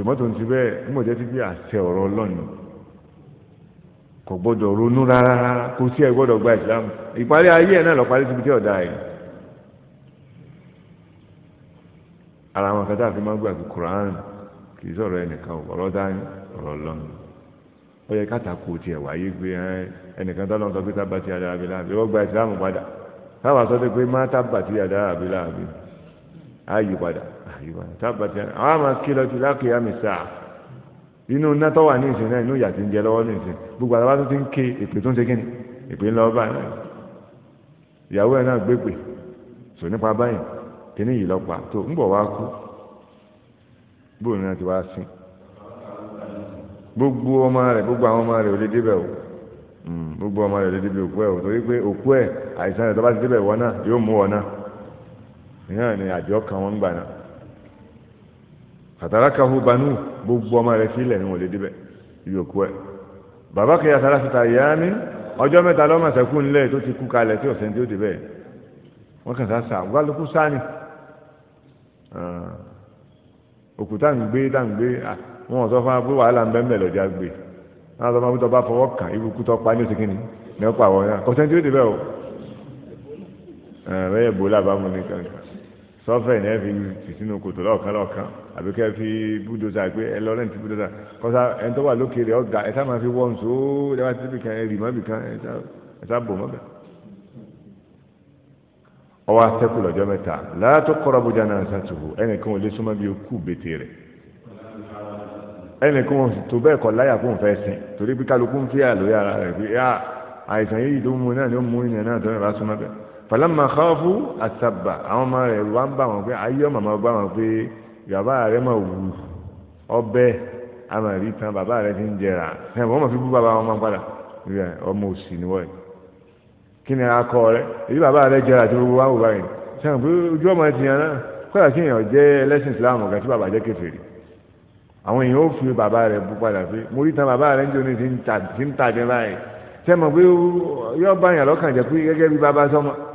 ṣùgbọ́n ń ti bẹ́ẹ̀ mọ̀ jẹ́ ti bí àṣẹ ọ̀rọ̀ ọlọ́run kò gbọ́dọ̀ rárá kò sí gbọ́dọ̀ gba ìsìlámù ìparí ayé náà lọ parí síbi tí ọ̀dà ẹ̀ ara wọn kẹta àfi máa gbà kí Quran kì í sọ̀rọ̀ ẹnìkan ọ̀rọ̀ dání ọ̀rọ̀ ó yẹ tiẹ̀ wáyé pé ẹnìkan tó lọ́n sọ pé tábà ti adára wọ́n gba padà táwa sọ pé àríwá tábàtì àwọn àmà kí lọ sí lákìyà mi sáà inú nátọ́ wà ní ìsìn náà inú ìyà ti ń jẹ lọ́wọ́ ní ìsìn gbogbo àlọ́ bá ti ń ké èpè tó ń ṣe kíni èpè ìyàwó ẹ̀ náà gbégbè nípa báyìí kíní yìí lọ́pàá tó ń bọ̀ ti wá sí gbogbo ọmọ rẹ̀ gbogbo àwọn ọmọ rẹ̀ ò lè débẹ̀ o hmm, gbogbo ọmọ rẹ̀ lè òkú ẹ̀ fàtàlákàhù banú gbogbo ọmọ rẹ̀ sílẹ̀ ní wọ́n lè débẹ̀ ìyókù ẹ̀ bàbá kẹyà sára síta ìyá mi ọjọ́ mẹ́ta lọ́mọ sẹ́kù ńlẹ̀ tó ti kú kalẹ̀ tí ọ̀sẹ̀ tí ó débẹ̀ wọ́n kàn sáà sáà wọ́n lókù sáà ni ah, òkúta ń gbé tá ń gbé wọn ò sọ fún wa pé wàhálà ń bẹ́ mẹ́ lọ́jà gbé náà sọ fún wa bá fọwọ́ kàn irú tó pa ní òsèkínì ní ọ̀pọ̀ àwọn ọ̀sẹ̀ tí ó débẹ̀ o eh, ẹ̀rẹ́ ìbò làbámu ní kankan sọfẹ ní ẹ fi tì sínú kòtò lọọkan lọọkan àbí kẹ fi búdòzà gbé ẹ lọ rẹǹtì búdòzà kọsá ẹni tó wà lókè rẹ ọgà ẹ sá máa fi wọ́n so dábàá tí bìkan ẹ rì mọ́ bìkan ẹ sá bò mọ́ bẹ́ẹ̀. ọwọ́ atẹ́kù lọ́jọ́ mẹ́ta láàtọ́ kọ́ra bójá náà sàtúhù ẹnìkan ò lè súnmọ́ bí okú bètè rẹ̀ ẹnìkan ò sì tó bẹ́ẹ̀ kọ́ láyà fún òfẹ́ sìn torí bí kálukú ń fi àlóyà rẹ̀ pé ah, àìsàn yìí ló mú náà ló mú ìyẹn náà tó falamma khafu àtàbà àwọn ọmọ rẹ̀ wá ń bá wọn pé ayé ọmọ máa bá wọn pé bàbá rẹ̀ máa wù ọbẹ̀ àmàrí tán bàbá rẹ̀ ti ń jẹrà ẹ̀ wọ́n máa fi bú bàbá wọn máa padà ọmọ òsì ni wọ́n kí ni akọ rẹ̀ èyí bàbá rẹ̀ jẹrà tí gbogbo wa wò báyìí sẹ́wọ̀n pé ojú ọmọ ti yàn náà kọ́lá kí èèyàn jẹ́ ẹlẹ́sìn Islam ọ̀gá tí bàbá jẹ́ kèfèrí àwọn èèyàn ó fi bàbá rẹ̀ bú padà pé mo rí tan bàbá ń jẹ́ oní ti ń tàjẹ́ báyìí sẹ́wọ̀n pé yọ bá yàn pé gẹ́gẹ́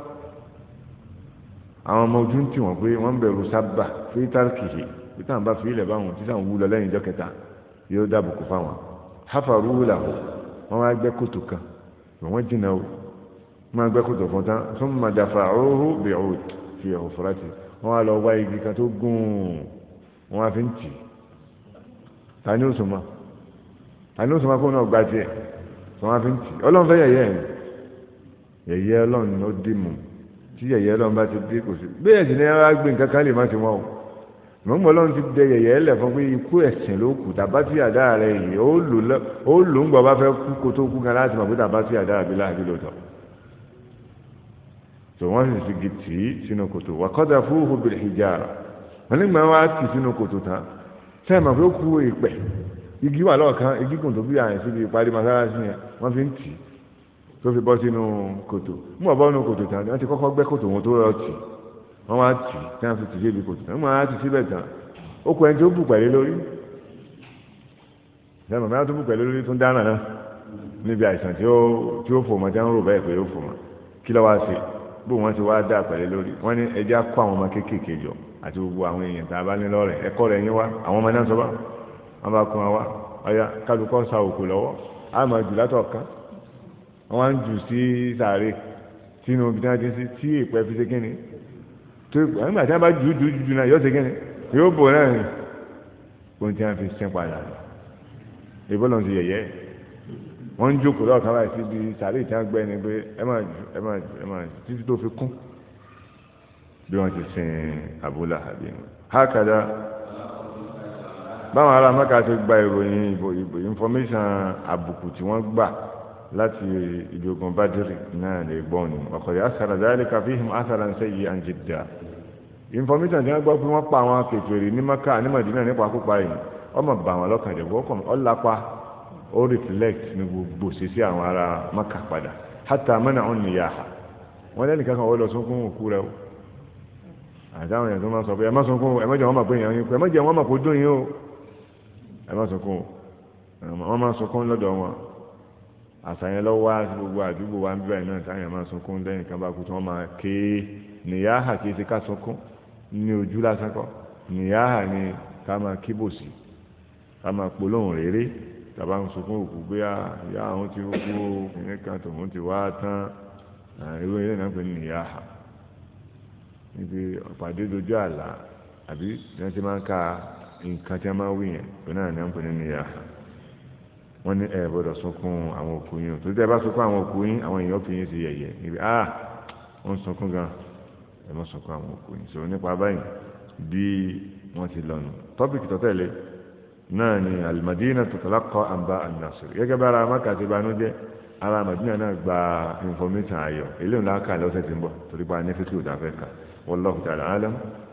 àwọn ọmọ ojú ń tì wọ́n pé wọ́n ń bẹ̀rù sábà fítàkìhì títà ń bá fi ilẹ̀ báwọn títà ń wú lọ lẹ́yìn ìjọ kẹta yóò dábùkù fáwọn hafaru wúlà wọn wá gbẹ́ kòtò kan wọ́n jìnnà o wọ́n wá gbẹ́ kòtò fún tán fún màdàfà òhù bìhù fi ẹ̀hù fúrátì wọ́n wá lọ wá igi kan tó gùn wọ́n wá fi ń tì tani ó sùn mọ́ tani ó sùn mọ́ kó náà tiẹ̀ wọ́n wá fi ń tì ọlọ́run fẹ́ yẹ̀yẹ́ yẹ̀yẹ́ ọlọ́run ló dì mọ́ tí yẹ̀yẹ́ ọlọ́run bá ti dé kò sí bẹ́ẹ̀ sì ni ẹ wá gbé nǹkan kan lè má ti wọ́n o mọ̀mọ́ ọlọ́run ti dẹ yẹ̀yẹ́ lẹ̀ fún pé ikú ẹ̀sìn ló kù tàbá tí àdá rẹ̀ yìí ó lò ń gbọ́ bá fẹ́ kú kó tó kú gan láti mọ̀ pé tàbá tí àdá rẹ̀ bí láàbí lòótọ́ tó wọ́n sì sigi tì í sínú kòtò wà kọ́dà fúhù bil hijara wọn nígbà wọn á tì sínú kòtò tán sẹ́yìn mọ̀ pé ó kú ìpẹ́ igi wà lọ́ọ̀kan igi kùn tó bí àyìn síbi ìparí masára yẹn wọ́n fi ń tì í tó fi bọ́ sínú kòtò mú ọ̀bọ́ nínú kòtò tán wọ́n ti kọ́kọ́ gbẹ́ kòtò wọn tó rọ tì wọ́n wá tì tí wọ́n fi tì sí ibi kòtò tán wọ́n á ti síbẹ̀ tán ó kọ ẹni tó bù pẹ̀lú lórí ìyá màmá tó bù pẹ̀lú lórí tó ń dáná náà níbi àìsàn tí ó tí ó fò mọ́ tí wọ́n rò báyìí pé ó fò mọ́ kí ló wá ṣe bó wọ́n ti wá dà pẹ̀lú lórí wọ́n ní ẹjẹ́ á kó àwọn ọmọ kéékèèké jọ àti gbogbo àwọn èèyàn tá a bá ní lọ́rẹ̀ ẹ̀kọ́ rẹ̀ yín wá àwọn ọmọ náà sọ bá wọn bá kó wọn wá ọ̀yà kálukọ́ sa òkú lọ́wọ́ àmọ́ jù látọ̀ kan wọ́n wá ń jù sí sàárè sínú ibi tí wọ́n ti ń sí tí èèpẹ̀ fi ṣe kíni tó nígbà tí wọ́n bá jù jù jù náà yóò ṣe kíni yóò bò náà ni ohun tí wọ́n fi sẹ́ padà ìbọn lọ́n ti yẹ̀yẹ́ wọ́n ń jókòó lọ́ọ̀kan láì síbi sàárè tí wọ́n gbẹ́ ni pé ẹ máa jù ẹ máa jù ẹ máa jù títí tó fi kún bí wọ́n ti sin Abu Lahab hákàdá báwọn ará mẹ́ka ti gba ìròyìn ìbò information àbùkù tí wọ́n láti ìjogun bádìrì náà lè gbọ́n ni ọ̀kọ̀dẹ̀ asara dhalika fihim asaran sayyi'an jidda information tí wọ́n gbọ́ pé wọ́n pa àwọn akẹ̀tẹ̀rì ní maka ní madina nípa púpa yìí ọmọ bà wọn lọ́kàn jẹ́ gbọ́kàn ọ̀làpá ó reflect ní gbogbo sí sí àwọn ará maka padà hatta mana'un niyaha wọ́n lẹ́nu kankan wọ́n lọ sunkún òkú rẹ̀ o àtàwọn èèyàn tó máa sọ pé ẹ má sunkún ẹ má wọn mọ̀ pé èèyàn yín ẹ má jẹ́ wọn ẹ má sunkún wọn lọ́dọ̀ wọn àṣàyàn lọ wá sí gbogbo àdúgbò wa ń bí báyìí náà táyà máa sunkún lẹ́yìn kan bá kú tí wọ́n máa ké nìyáhà kí ti ká sunkún ní ojú lásán kọ́ nìyáhà ni ká máa kíbò sí ká máa polóhùn réré tàbá ń sunkún òkú gbé ah, ìyá àwọn ti kú ìyẹn kan tòun ti wá tán ìwé ilé náà pé nìyáhà níbi ọ̀pàdé dojú àlá àbí ní ti máa ń ka nǹkan tí wọ́n máa wí yẹn òun náà ní wọ́n pè ní nìyáhà wọ́n ní ẹ gbọ́dọ̀ sunkún àwọn òkú yín tó tẹ́ bá sunkún àwọn òkú yín àwọn èèyàn fi yín sí yẹ̀yẹ́ níbi ah ó ń sunkún gan ẹ mọ́ sunkún àwọn òkú yín sọ nípa báyìí bí wọ́n ti lọ́nu tọ́pìkì tó náà ni alimadina tatalaqa anba an-nasr gẹ́gẹ́ bá ara maka ti banújẹ́ ara madina náà gba information ayọ̀ eléyìí ńlá kà lọ́sẹ̀ tí ń bọ̀ torí pa ní òdàfẹ́ kà wallahu ta'ala alam